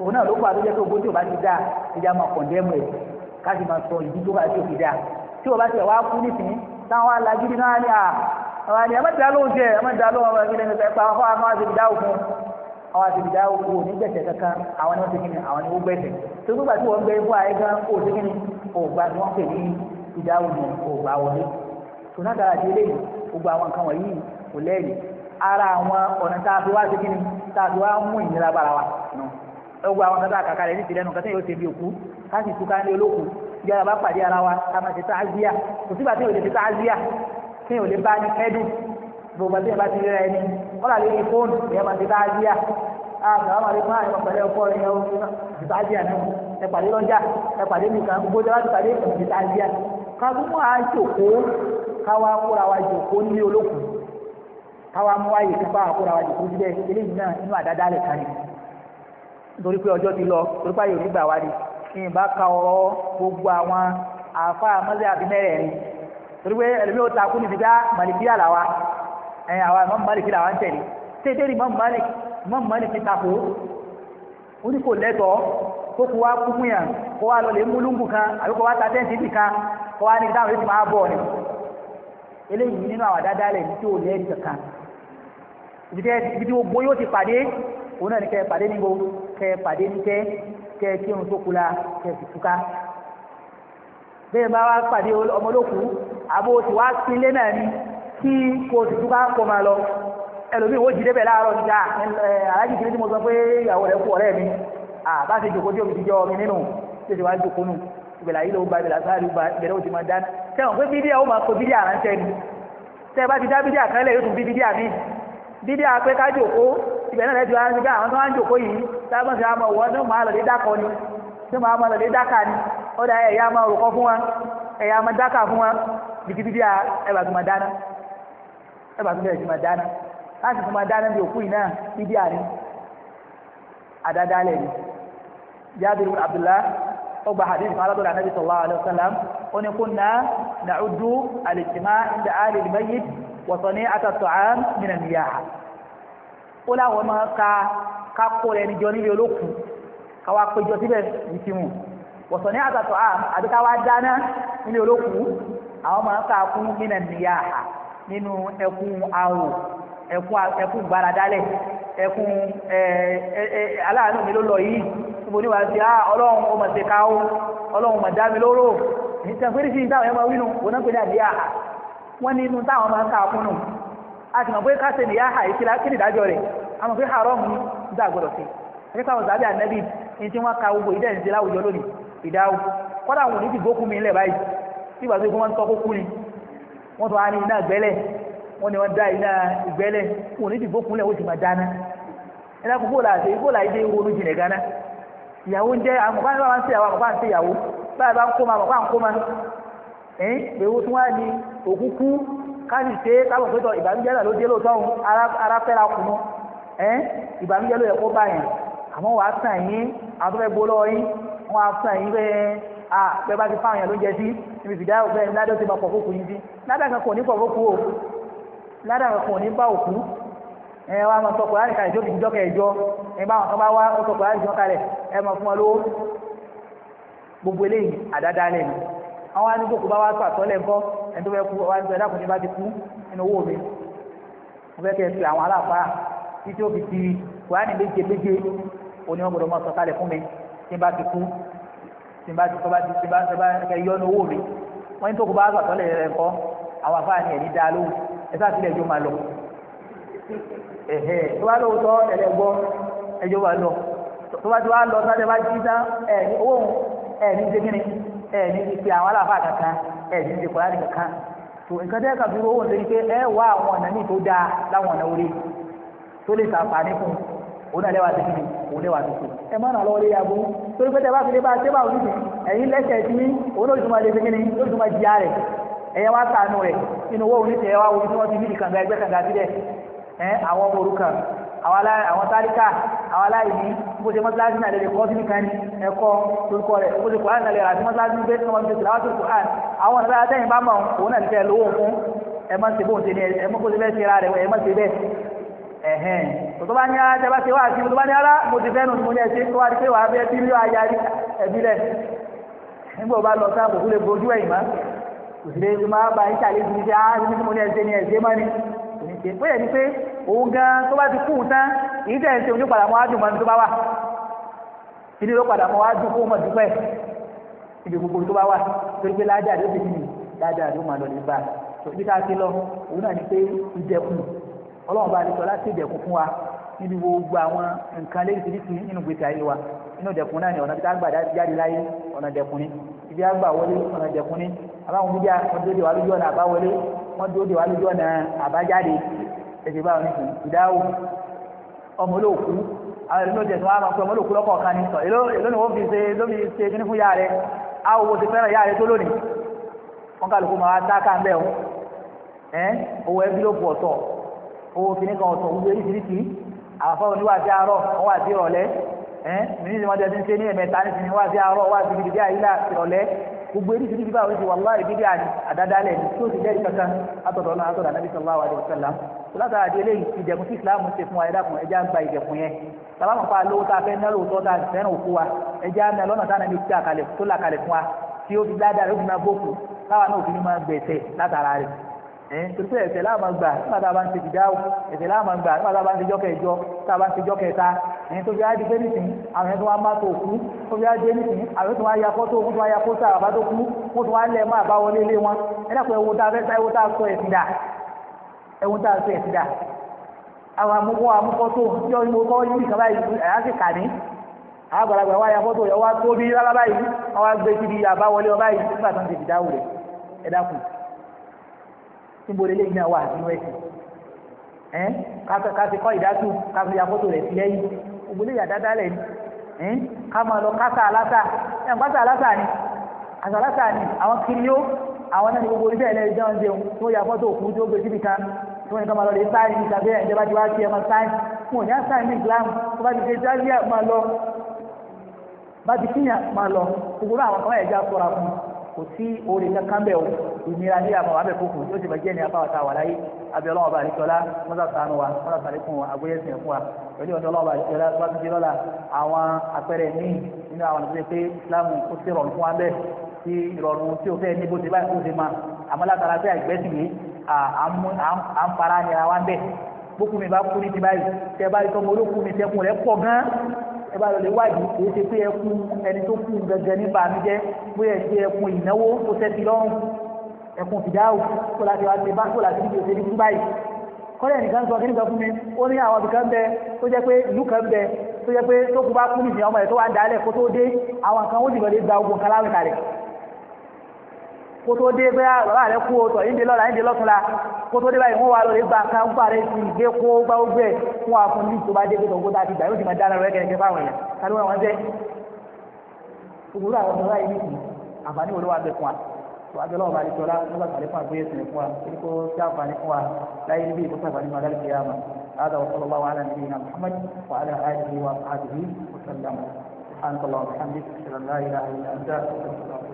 òun náà ló kọ àdójẹ tó gbójú òbá ti dáa ìjà máa kọ̀ndẹ́mù tí wọ́n bá ti wá kú nísìnyí táwọn wá lajú nínú àní à àwọn àní ẹ̀mẹ́ta ló ń jẹ ẹ̀mẹ́ta ló ń wọ́n ẹ̀mí lẹ́nu ẹ̀pá àwọn àwọn àtẹ̀bìdá òkú àwọn àtẹ̀bìdá òkú òní gbẹ̀sẹ̀ kankan àwọn ni wọ́n ti kí ni àwọn ni wọ́n gbẹ̀sẹ̀ tó nígbà tí wọ́n gbẹ fún àyè gan kó o ti kí ni ògbà ni wọ́n pè ní ìdáhùn ògbà wọlé tó náà dára sí eléyìí gbogbo àwọn nǹkan wọ̀nyí kò lẹ́yìn ara àwọn ọ̀nà tá a fi wá sí kí ni tá a fi wá mú ìnira bára wa nù gbogbo àwọn nǹkan tá a kàkà ìjọba bá pàdé ara wa a máa ṣe tààzíà kò sígbà tí yóò lè ṣe tààzíà tí yóò lè bá ní kẹ́dùn gbogbo àti ìyàbá ti rí ẹni wọ́n là lórí fóònù ìyá máa ṣe tààzíà àwọn àlejò àwọn àlejò pẹ̀lú ọkọ rẹ̀ yẹn ó ṣe tààzíà náà ẹ pàdé lọ́jà ẹ pàdé nìkan gbogbo ìjọba ti pàdé ẹ̀ ṣe tààzíà káwọn wá jòkó káwa kóra wa jòkó nílé olókùn káwa mú wáyé káwa kóra wa jòkó síbẹ̀ eléyìí náà inú àdádálẹ̀ kan ni nítorí pé ọjọ́ ti lọ torí pé àyè ò ní gbà wá ni ìbá ka ọ̀rọ̀ gbogbo àwọn àfa mọ́sẹ̀ àti mẹ́rẹ̀ẹ̀rin torí pé ẹlòmíì ó takú ní fìdá màlìkíyà làwa ẹ̀yìn àwa ìmọ̀ màlìkí làwa ń tẹ̀lé tẹ́tẹ́rì mọ̀ màlìkí takò ó ní kò lẹ́tọ̀ọ́ kó kó wá kú fún yàn kó wá lọ lè mú lúngù kan àbí kó wá ta tẹ́ǹtì bì kan kó wá ní dáhùn ètò máa bọ̀ ni eléyìí nínú àwọn àdáda rẹ̀ tí ò lẹ́rìí kankan ibi tí gbogbo yóò ti pàdé òun náà ní kẹ́ pàdé níbo kẹ́ pàdé ní kẹ ẹ kírun tó kula kẹ ẹ sì túká bẹ́ẹ̀ bá wá pàdé ọmọlókù àbó tí wá sí ilé náà ni kí kò sì túká kọ máa lọ ẹlòmíì wo jìdé bẹ̀ láàárọ̀ níta aláàjì kiri tí mo sọ pé ìyàwó rẹ̀ kú ọ̀rẹ́ mi àbá ti jòkó tí omi ti jọ mi nínú tí o ti wá jòkó nù ìbẹ̀lẹ̀ ayé ló ba ìbẹ̀lẹ̀ asáàlú ba ìbẹ̀lẹ̀ òtí máa dáná tẹ̀wọ̀n pé bídíà ó máa kó bídíà ránṣẹ́ ni tẹ́ bá ti dá bídíà kan lẹ̀ yóò tún bí bídíà míì dídí àpé ká jòkó ibẹ̀ náà lẹ́jọ́ àwọn nígbà àwọn tó máa ń jòkó yìí tábọn sí àmọ̀ wọ́n tó máa lọ̀dé dákọ ni tó máa mọ̀ lọ̀dé dákà ni ó dá ẹ̀yà máa rùkọ́ fún wa ẹ̀yà máa dákà fún wa bìtìbìtì à ẹ̀bà tó máa dáná ẹ̀bà tó bẹ̀rẹ̀ sí máa dáná láti fún máa dáná bí òkú yìí dídí àní àdádálẹ̀ ni Jabir ibn Abdullah ọgbà hadith alábọ̀dà anábì sallallahu alaihi wasallam ó ní kunna na'uddu al-ijtima' wọ̀tọ̀ ní atatọ̀ àm nínà níyàá ó láwọn máa ka kákó rẹ̀ níjọ níbi olókùn káwá péjọ síbẹ̀ ìtìmù wọ̀tọ̀ ní atatọ̀ àm àbí káwá dáná nílé olókùn àwọn máa ka kún nínà nínú ẹkún àwò ẹkún aláàánú mi ló lọ yìí wọ́n ní inú táwọn máa ń ká fún nù a ti mọ̀ pé káṣe nìyá ha ìkíra kí nìdájọ́ rẹ̀ a mọ̀ pé haram ní dá gbọ́dọ̀ sí ẹgbẹ́ káwọn sàbí ànẹ́bí ní tí wọ́n ka gbogbo ìdẹ́ ìdílé àwùjọ lónìí ìdáwó kọ́dà wọn ò ní ti gbókú mi lẹ̀ báyìí tí ìgbà tó kí wọ́n tọ́ kó kú ni wọ́n tó wá ní iná ìgbẹ́lẹ̀ wọ́n ní ẹ̀yìn pèwó tí wọ́n á ní òkúkú káàdì ṣe káàbọ̀ pẹ́tọ̀ ìbànújẹ́ náà ló dé lóòótọ́ ọ̀hún ara fẹ́ra kù mọ́ ẹ̀yìn ìbànújẹ́ ló yẹ kó bá yẹn àmọ́ wàá sàn yín àwọn tó fẹ́ gbó lọ́wọ́ yín wọ́n á sàn yín bẹ́ẹ̀ à bẹ́ẹ̀ bá ti fáwọn yẹn ló jẹ sí ibi fìdá ọ̀gbẹ́ ládọ́ ti máa pọ̀ fókù yín sí ládà kan kò ní pọ̀ fókù o ládà kan kò ní bá òkú ẹ wá máa sọ kòránì kalẹ̀ tó fi jọ́ kẹjọ ẹ bá wọn kan àwọn anigbókù bá wá sọ àtọ́lẹ̀ ńkọ́ ẹni tó fẹ́ kú wá nípa ẹ̀dàkùn ní bá ti kú nínú owó mi mo fẹ́ kẹ́ ẹ fi àwọn aláàfà títí ó fi di kùránì méje méje òní wọn gbọdọ̀ mọ sọ̀kalẹ̀ fún mi tí n bá ti kú tí n bá ti sọba tí n bá sọba kẹ yọ ní owó mi wọn ní tó kú bá sọ àtọ́lẹ̀ rẹ ńkọ́ àwọn afáà ni ẹ̀ní dá lóhùn ẹ sáà tilẹ̀ ẹjọ́ máa lọ ẹ̀hẹ́ tó bá lóòótọ́ ẹ̀lẹ́gbọ́ ẹjọ́ máa lọ tó bá ti wá lọ sáà tẹ jí ẹ̀ ní ti pe àwọn aláfáà kankan ẹ̀ ní ti kọ́lá nìkankan tó nǹkan tẹ́ ká dúró wọ́n lórí pé ẹ wá àwọn ọ̀nà míì tó dáa láwọn ọ̀nà orí tó lè sàǹfààní fún òun náà lẹ́wà tó kiri òun lẹ́wà tó kù ẹ má nàá lọ́wọ́ lé yàgò torí pé tẹ́ bá fi bá a ṣé bá òun nìyí ẹ̀yin lẹ́sẹ̀ sí òun náà lójúmọ́ lé fi kíni lójúmọ́ jìyà rẹ̀ ẹ̀yẹ wá sànù rẹ̀ inú owó òun nìyí ẹ̀ wá omi tí wọ́n ti ní ìkànga ẹgbẹ́ kànga sílẹ̀ àwọn tálíkà àwọn aláìní bó ṣe mọ́sálásí náà lè lè kọ́ sínú kan ẹ̀kọ́ torúkọ rẹ̀ bó ṣe kọ́ àná lè rà sí mọ́sálásí gbé tí wọ́n ti tìlá wọ́n ti kọ́ àn àwọn ọ̀nà tálíkà tẹ́yìn bá mọ̀ òun náà ti tẹ́ lówó fún ẹ má ṣe bó ṣe ní ẹ má kó ṣe bẹ́ẹ̀ ṣe ra rẹ̀ ẹ má ṣe bẹ́ẹ̀ ẹ̀hẹ́n tó bá ní ara tẹ́ bá ṣe wá àti tó bá ní ara mo ti fẹ́nu mo ní ẹ ṣe tó wá rí pé wàá bẹ́ẹ̀ tí ní ayá rí ẹbí rẹ̀ nígbà bá lọ sáà kò kú lè bojú ẹ̀yìn má kò sì lè máa bá ń ṣàlejò ní ṣe á ní mo ní ẹ ṣe ní ẹ ṣe mọ́ ni sì ní ṣe bóyá ni pé òun gan tó bá ti kú tán èyí tẹ̀ ń ṣe òun padà mọ́ adùn mọ́ni tó bá wà ilé ló padà mọ́ adùn kó mọ̀ dúpẹ́ ibi gbogbo tó bá wà torí pé ládàá ló ti ní ládàá ló máa lọ lè bá ibi ká ti lọ òun náà ni pé ìjẹkùn ọlọ́run bá lè sọ láti ìjẹkùn fún wa níbi gbogbo àwọn nǹkan lè ti ti nínú gbèsè ayé wa inú ìjẹkùn náà ni ọ̀nà tí àgbà jáde láyé ọ̀nà ìjẹkùn ni ibi àgbà wọlé ọ̀nà ìjẹkùn ni àbáwọn bíjà ọdún tó dé wà lójú ọ̀nà àbáwọlé wọ́n dúró de wá lójú ọ̀nà àbájáde ẹ̀sìn báwọn nìkan ìdáwó ọmọ olóòkú àwọn ìlú òjẹ̀ tó wá máa pẹ́ ọmọ olóòkú lọ́kọ̀ kan ní sọ èló ni wọ́n fi ṣe lómi ṣe kíní fún yára rẹ̀ àwọn owó ti fẹ́ràn yára rẹ̀ tó lónìí wọ́n kálukú máa dáká ń bẹ̀ ọ́ ẹ́ owó ẹbí ló bu ọ̀tọ̀ owó kíní kan ọ̀tọ̀ gbogbo oríṣiríṣi àwọn afọ́ oníwà sí wà sí ìrọ̀lẹ́ àárọ̀ wọ́n wà sí ibi gbogbo eríṣiríṣi báwo ṣe wàláì bíbí àdádálẹ̀ ní tó ti jẹ́ kankan látọ̀dọ̀ náà látọ̀dọ̀ anábì sallallahu alaihi wasallam tó látara di eléyìí ìjẹ̀kùn tí ìsìláàmù ṣe fún wa ẹ̀dá kan ẹja ń gba ìjẹ̀kùn yẹn sábàmù pa lówó tá a fẹ́ nẹ́rù tó tá a fẹ́ràn òkú wa ẹja ń lọ́nà tá a tó là fún wa tí ó fi ládàá rẹ̀ fi máa bókù táwa náà fi ní máa gbẹ̀sẹ̀ látara rẹ̀ Eh, torípé ẹ̀sẹ̀ láàmà gbà nígbà tá a bá ń ṣe ìdáwó ẹ̀sẹ̀ láàmà gbà nígbà tá a bá ń ṣe jọ́kẹ̀ ẹ̀jọ́ tá a bá ń ṣe jọ́kẹ̀ ẹ̀ta ẹ̀yìn tó fi á di pé nìsín àwọn ẹ̀sùn wa máa tó kú tó fi á di nìsín àwọn ẹ̀sùn wa ya fọ́tò wọ́n tó wa ya fọ́tò àbá tó kú wọ́n tó wa lẹ̀ mọ́ àbá wọlé ilé wọn ẹ̀dàpọ̀ ẹ̀wọ̀n tá a fẹ́ sá ẹ̀wọ̀n tá a sọ ẹ̀sìn dà ẹ̀wọ̀n tá a sọ ẹ̀sìn dà àwọn amúkọ́ amúkọ́ tó yọ ní mo kọ́ yìí kaba yìí àyà sì kà ní àgbàlagbà wa ya fọ́tò yọ wa tóbi lálábàyìí wọn wá gbé síbi àbáwọlé ọba yìí nígbà tó ń ti fìdáwò rẹ̀ ẹ̀dàkùn níbo lè léyìn náà wà nínú ẹ̀sìn ẹ́ ká fi kọ́ ìdásù ká fi àkótó rẹ̀ sí lẹ́yìn ògbó lè yà dáadáa lẹ̀ ní ká máa lọ kásá alásà ẹ̀ kásá alásà ni àṣà alásà ni àwọn kiri yó àwọn náà ní gbogbo orí bẹ́ẹ̀ lẹ́yìn jẹun jẹun tó yà fọ́tò òkú tó gbé síbi kan tó ní ká máa lọ lè sáyìn ní ìtàgé ìjọba ti wá sí ẹmọ sáyìn fún òní àsáyìn ní Islam tó bá ti ṣe járíà máa lọ bá ti kíyàn máa lọ gbogbo àwọn kan ẹ̀já sọ̀rọ̀ fún kò sí orí kankan bẹ́ẹ̀ o ìnira ní àmọ́ abẹ́ kókò yóò sì bàjẹ́ ní apá ọ̀tá wà láyé abẹ́ ọlọ́wọ́ bá àríkọ́lá mọ́tà sànù wa mọ́tà sàlékún àgbóyè sìn fún wa pẹ̀lú ọ̀dọ́ ọlọ́wọ́ bá àríkọ́lá tó lọ́la àwọn àpẹẹrẹ míì nínú àwọn àti pé Ìsìlámù ó ti rọrùn fún wa bẹ́ẹ̀ tí ìrọ̀rùn tí o fẹ́ ní bó ti báyìí kó ti máa àmọ́ látara pé àìgbẹ́sìn yìí à ń para ní ara wa ń bẹ̀ bókun mi bá kú ní ti báyìí tẹ báyìí tọmọ olókùn mi tẹkùn rẹ pọ̀ gan ẹ bá lọ wáyé kò ṣe pé ẹkún ẹni tó kú gẹ́gẹ́ ní bàmí jẹ bóyá ẹ ṣe ẹkún ìnáwó kó tẹ́ ti lọ́rùn ẹ̀kún fìdáwò kó láti wá ṣe bá kó láti ibi òṣèlú fún báyìí kọ́lẹ̀ nìkan sọ kíníkan fún mi ó ní àwọn ibìkan bẹ tó jẹ́ pé ìlú kan bẹ tó jẹ́ pé tó kú bá kú nìyẹn ọmọ ẹ̀ tó wá ń dalẹ̀ kó tó dé àwọn kan ó sì lọ́ọ́ lè gba ogun kan láwìn kalẹ̀ kó tó dé bẹ́ẹ̀ ah, bàbá rẹ̀ kú ọ̀tọ̀ yín dé lọ́la yín dé lọ́túnla kó tó dé báyìí wọ́n wá lọ lè gba kan gbà rẹ̀ sí ìgbé kó gbá ó gbẹ̀ fún wa fún ní tó bá dé pé tòun a ti gbà yóò ti máa dára rẹ̀ kẹ̀kẹ́ fáwọn èèyàn kálí wọn wọn jẹ́ òwúrọ̀ àwọn ọmọ láyé nìyí àǹfààní olówó abẹ́kùn wa wàá lọ́wọ́ bàálí tọ́lá nígbà tàbí fún àgbéyé sìn fún wa kí kò sí àǹfààní fún wa láyé níbi ìkóso àgbàdì máa lálẹ́ kìí àmà هذا وصلى الله على نبينا محمد وعلى اله واصحابه وسلم سبحانك اللهم وبحمدك اشهد ان لا اله الا انت استغفرك